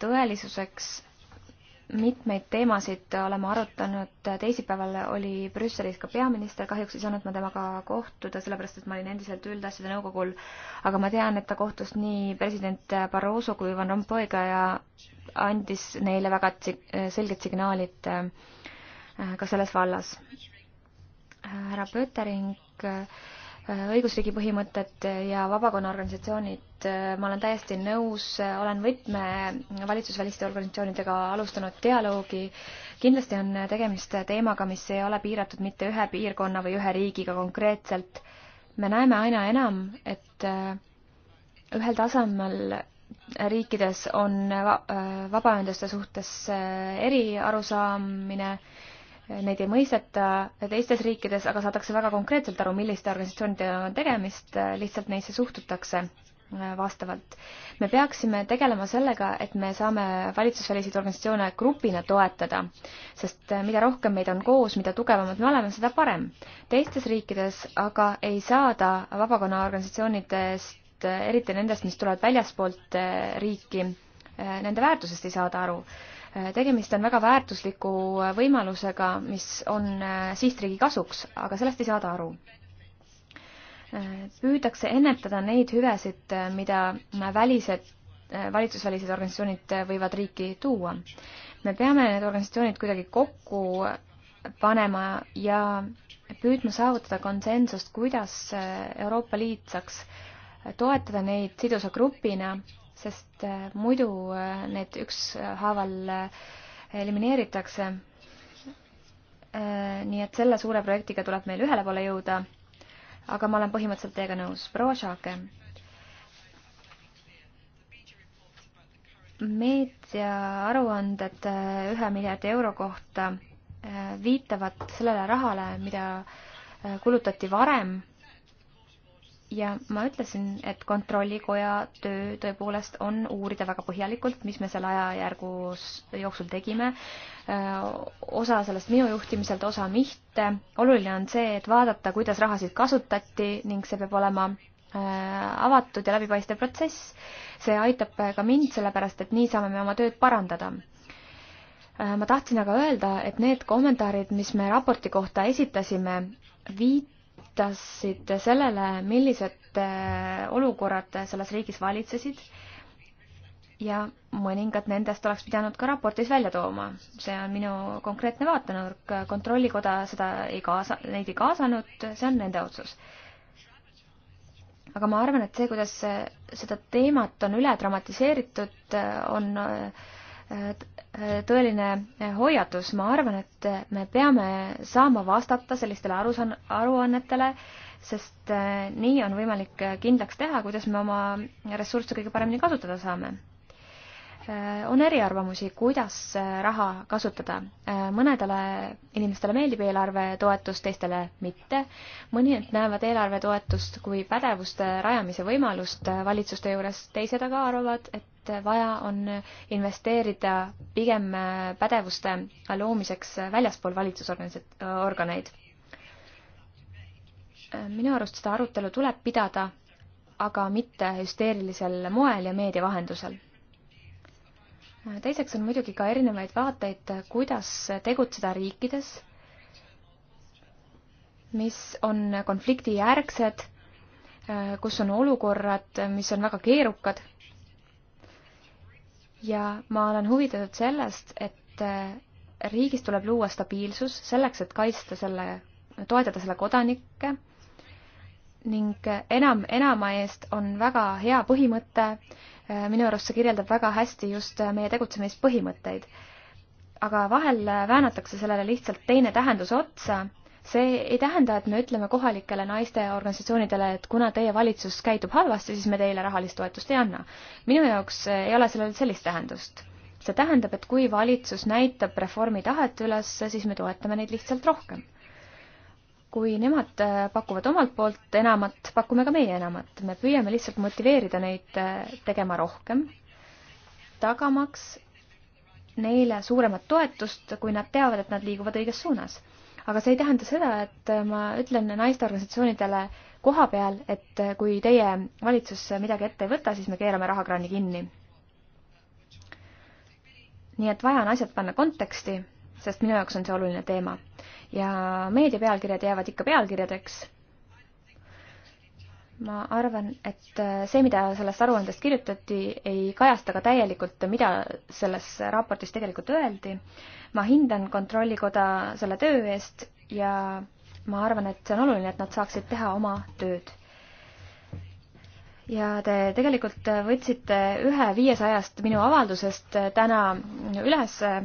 tõelisuseks mitmeid teemasid oleme arutanud, teisipäeval oli Brüsselis ka peaminister, kahjuks ei saanud ma temaga kohtuda, sellepärast et ma olin endiselt üldasjade nõukogul, aga ma tean, et ta kohtus nii president Barroso kui Van Rompuyga ja andis neile väga selged signaalid äh, ka selles vallas. härra Pöttering äh, Äh, õigusriigi põhimõtted ja vabakonnaorganisatsioonid, äh, ma olen täiesti nõus, olen võtme valitsusväliste organisatsioonidega alustanud dialoogi. kindlasti on tegemist teemaga, mis ei ole piiratud mitte ühe piirkonna või ühe riigiga konkreetselt. me näeme aina enam, et äh, ühel tasemel riikides on vabaühenduste suhtes eri arusaamine neid ei mõisteta teistes riikides, aga saadakse väga konkreetselt aru, milliste organisatsioonidega on tegemist, lihtsalt neisse suhtutakse äh, vastavalt. me peaksime tegelema sellega, et me saame valitsusväliseid organisatsioone grupina toetada, sest äh, mida rohkem meid on koos, mida tugevamad me oleme, seda parem. teistes riikides aga ei saada vabakonnaorganisatsioonidest, äh, eriti nendest, mis tulevad väljaspoolt riiki, nende väärtusest ei saada aru tegemist on väga väärtusliku võimalusega, mis on äh, sihtriigi kasuks, aga sellest ei saada aru. Äh, püüdakse ennetada neid hüvesid, äh, mida välised, valitsusvälised organisatsioonid võivad riiki tuua. me peame need organisatsioonid kuidagi kokku panema ja püüdma saavutada konsensust, kuidas Euroopa Liit saaks toetada neid sidusa grupina sest äh, muidu äh, need ükshaaval äh, elimineeritakse. nii et selle suure projektiga tuleb meil ühele poole jõuda. aga ma olen põhimõtteliselt teiega nõus. proua Šaake. meediaaruanded ühe miljardi euro kohta viitavad sellele rahale, mida kulutati varem ja ma ütlesin, et kontrollikoja töö tõepoolest on uurida väga põhjalikult, mis me selle ajajärgus jooksul tegime. osa sellest minu juhtimiselt, osa mitte. oluline on see, et vaadata, kuidas rahasid kasutati ning see peab olema avatud ja läbipaistev protsess. see aitab ka mind, sellepärast et nii saame me oma tööd parandada ma tahtsin aga öelda, et need kommentaarid, mis me raporti kohta esitasime, viit-, viitasid sellele, millised äh, olukorrad selles riigis valitsesid ja mõningad nendest oleks pidanud ka raportis välja tooma. see on minu konkreetne vaatenurk, Kontrollikoda seda ei kaasa, neid ei kaasanud, see on nende otsus. aga ma arvan, et see, kuidas äh, seda teemat on üle dramatiseeritud, äh, on äh, tõeline hoiatus, ma arvan, et me peame saama vastata sellistele arusan-, aruannetele, sest äh, nii on võimalik kindlaks teha, kuidas me oma ressursse kõige paremini kasutada saame. Äh, on eriarvamusi, kuidas äh, raha kasutada. mõnedele inimestele meeldib eelarvetoetus, teistele mitte. mõned näevad eelarvetoetust kui pädevuste rajamise võimalust valitsuste juures, teised aga arvavad, et et vaja on investeerida pigem pädevuste loomiseks väljaspool valitsusorganeid. minu arust seda arutelu tuleb pidada, aga mitte hüsteerilisel moel ja meedia vahendusel teiseks on muidugi ka erinevaid vaateid, kuidas tegutseda riikides, mis on konfliktijärgsed, kus on olukorrad, mis on väga keerukad ja ma olen huvitatud sellest, et äh, riigis tuleb luua stabiilsus selleks, et kaitsta selle, toetada selle kodanikke ning äh, enam, enama eest on väga hea põhimõte, äh, minu arust see kirjeldab väga hästi just meie tegutsemispõhimõtteid. aga vahel väänatakse sellele lihtsalt teine tähendus otsa see ei tähenda, et me ütleme kohalikele naisteorganisatsioonidele, et kuna teie valitsus käitub halvasti, siis me teile rahalist toetust ei anna. minu jaoks eh, ei ole sellel sellist tähendust. see tähendab, et kui valitsus näitab reformi tahet üles, siis me toetame neid lihtsalt rohkem. kui nemad eh, pakuvad omalt poolt enamat, pakume ka meie enamat. me püüame lihtsalt motiveerida neid eh, tegema rohkem, tagamaks neile suuremat toetust, kui nad teavad, et nad liiguvad õiges suunas aga see ei tähenda seda, et ma ütlen naisteorganisatsioonidele koha peal, et kui teie valitsus midagi ette ei võta, siis me keerame rahakraani kinni. nii et vaja on asjad panna konteksti, sest minu jaoks on see oluline teema. ja meediapealkirjad jäävad ikka pealkirjadeks ma arvan, et äh, see, mida sellest aruandest kirjutati, ei kajasta ka täielikult, mida selles raportis tegelikult öeldi. ma hindan Kontrollikoda selle töö eest ja ma arvan, et see on oluline, et nad saaksid teha oma tööd. ja te tegelikult võtsite ühe viiesajast minu avaldusest äh, täna üles äh,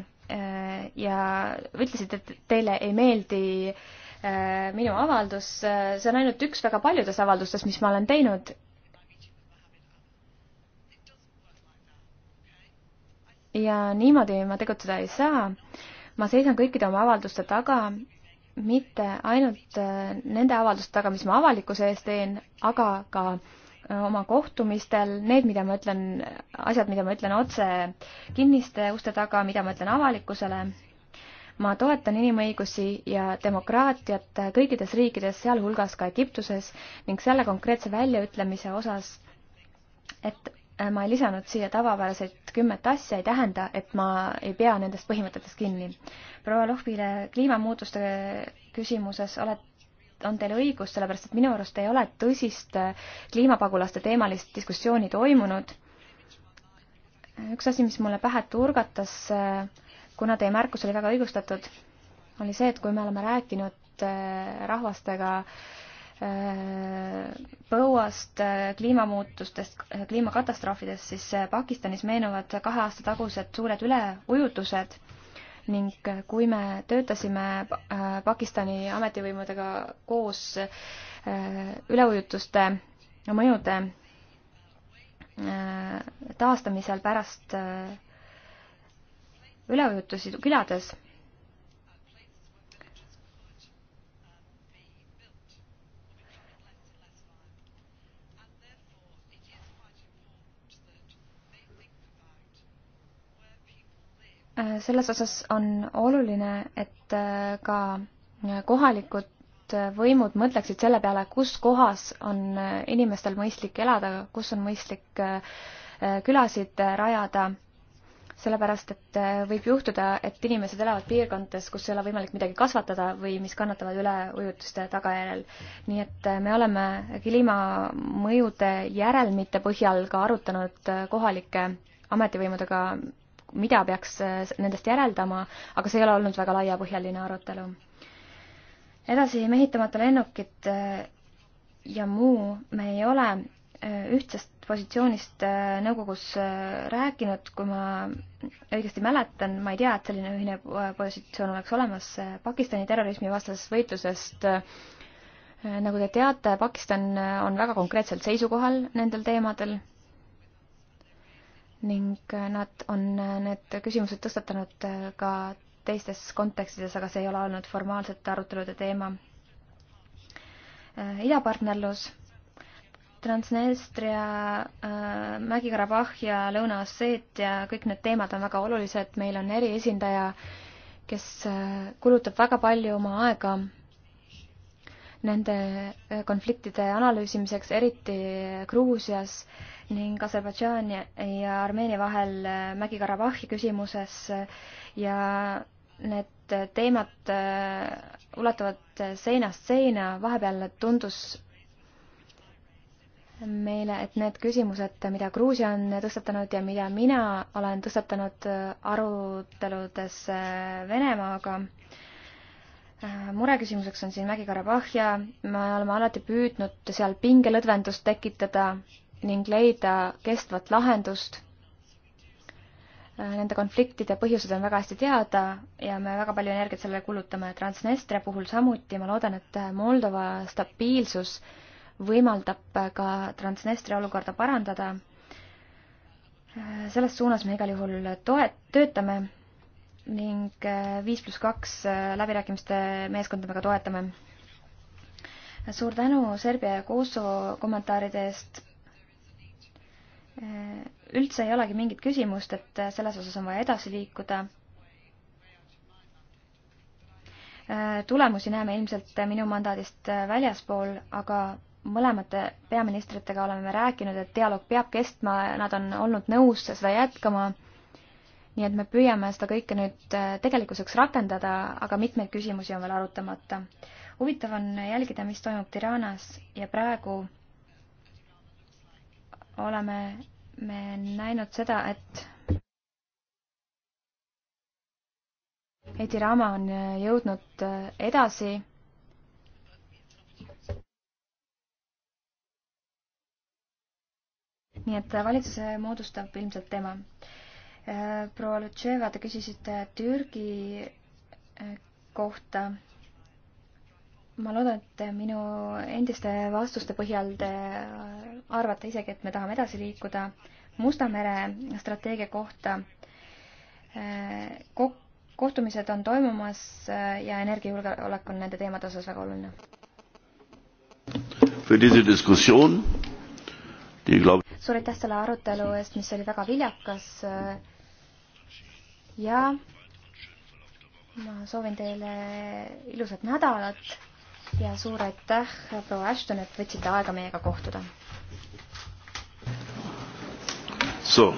ja ütlesite, et teile ei meeldi äh, Äh, minu avaldus, äh, see on ainult üks väga paljudes avaldustes, mis ma olen teinud. ja niimoodi ma tegutseda ei saa. ma seisan kõikide oma avalduste taga, mitte ainult äh, nende avalduste taga, mis ma avalikkuse ees teen, aga ka oma kohtumistel, need, mida ma ütlen, asjad, mida ma ütlen otse kinniste uste taga, mida ma ütlen avalikkusele ma toetan inimõigusi ja demokraatiat kõikides riikides, sealhulgas ka Egiptuses ning selle konkreetse väljaütlemise osas, et äh, ma ei lisanud siia tavapäraseid kümmet asja, ei tähenda, et ma ei pea nendest põhimõtetest kinni. proua Lohvile kliimamuutuste küsimuses olete on teil õigus, sellepärast et minu arust ei ole tõsist äh, kliimapagulaste teemalist diskussiooni toimunud. üks asi, mis mulle pähe turgatas äh, kuna teie märkus oli väga õigustatud, oli see, et kui me oleme rääkinud äh, rahvastega äh, põuast, äh, kliimamuutustest, kliimakatastroofidest, siis Pakistanis meenuvad kahe aasta tagused suured üleujutused ning kui me töötasime Pakistani ametivõimudega koos üleujutuste mõjude taastamisel pärast üleujutusi külades selles osas on oluline, et äh, ka äh, kohalikud äh, võimud mõtleksid selle peale, kus kohas on inimestel mõistlik elada, kus on mõistlik külasid rajada sellepärast et äh, võib juhtuda, et inimesed elavad piirkondades, kus ei ole võimalik midagi kasvatada või mis kannatavad üleujutuste tagajärjel. nii et äh, me oleme kliimamõjude järelmite põhjal ka arutanud äh, kohalike ametivõimudega, mida peaks nendest järeldama, aga see ei ole olnud väga laiapõhjaline arutelu. edasi, mehitamata lennukid ja muu, me ei ole Äh, ühtsest positsioonist äh, nõukogus äh, rääkinud, kui ma õigesti mäletan, ma ei tea, et selline ühine positsioon oleks olemas Pakistani terrorismivastases võitlusest. nagu te teate, Pakistan on väga konkreetselt seisukohal nendel teemadel ning nad on need küsimused tõstatanud ka teistes kontekstides, aga see ei ole olnud formaalsete arutelude teema. idapartnerlus Transnistria äh,, Mägi-Karabahh ja Lõuna-Osseetia, kõik need teemad on väga olulised, meil on eriesindaja, kes äh, kulutab väga palju oma aega nende äh, konfliktide analüüsimiseks, eriti äh, Gruusias ning Aserbaidžaani ja Armeenia vahel Mägi-Karabahhi küsimuses ja need teemad ulatuvad seinast seina, vahepeal tundus meile, et need küsimused, mida Gruusia on tõstatanud ja mida mina olen tõstatanud aruteludes äh, Venemaaga, äh, mureküsimuseks on siin Mägi-Karabahhia, me oleme alati püüdnud seal pingelõdvendust tekitada ning leida kestvat lahendust. Äh, nende konfliktide põhjused on väga hästi teada ja me väga palju energiat sellele kulutame. Transnistria puhul samuti, ma loodan, et Moldova stabiilsus äh, võimaldab ka Transnistria olukorda parandada. selles suunas me igal juhul toet-, töötame ning viis pluss kaks läbirääkimiste meeskonda me ka toetame. suur tänu Serbia ja Kosovo kommentaaride eest. üldse ei olegi mingit küsimust, et selles osas on vaja edasi liikuda tulemusi näeme ilmselt minu mandaadist väljaspool, aga mõlemate peaministritega oleme me rääkinud, et dialoog peab kestma, nad on olnud nõus seda jätkama. nii et me püüame seda kõike nüüd äh, tegelikkuseks rakendada, aga mitmeid küsimusi on veel arutamata. huvitav on jälgida, mis toimub Tiranas ja praegu oleme me näinud seda, et Edi Rama on äh, jõudnud äh, edasi nii et äh, valitsuse moodustab ilmselt tema. Äh, proua Lutševa, te küsisite Türgi äh, kohta. ma loodan, et minu endiste vastuste põhjal te arvate isegi, et me tahame edasi liikuda. Musta mere strateegia kohta Kok kohtumised on toimumas ja energiajulgeolek on nende teemade osas väga oluline. Für diese Diskussion, die glaube suur aitäh selle arutelu eest, mis oli väga viljakas ja ma soovin teile ilusat nädalat ja suur aitäh, proua Ashton, et võtsite aega meiega kohtuda. So.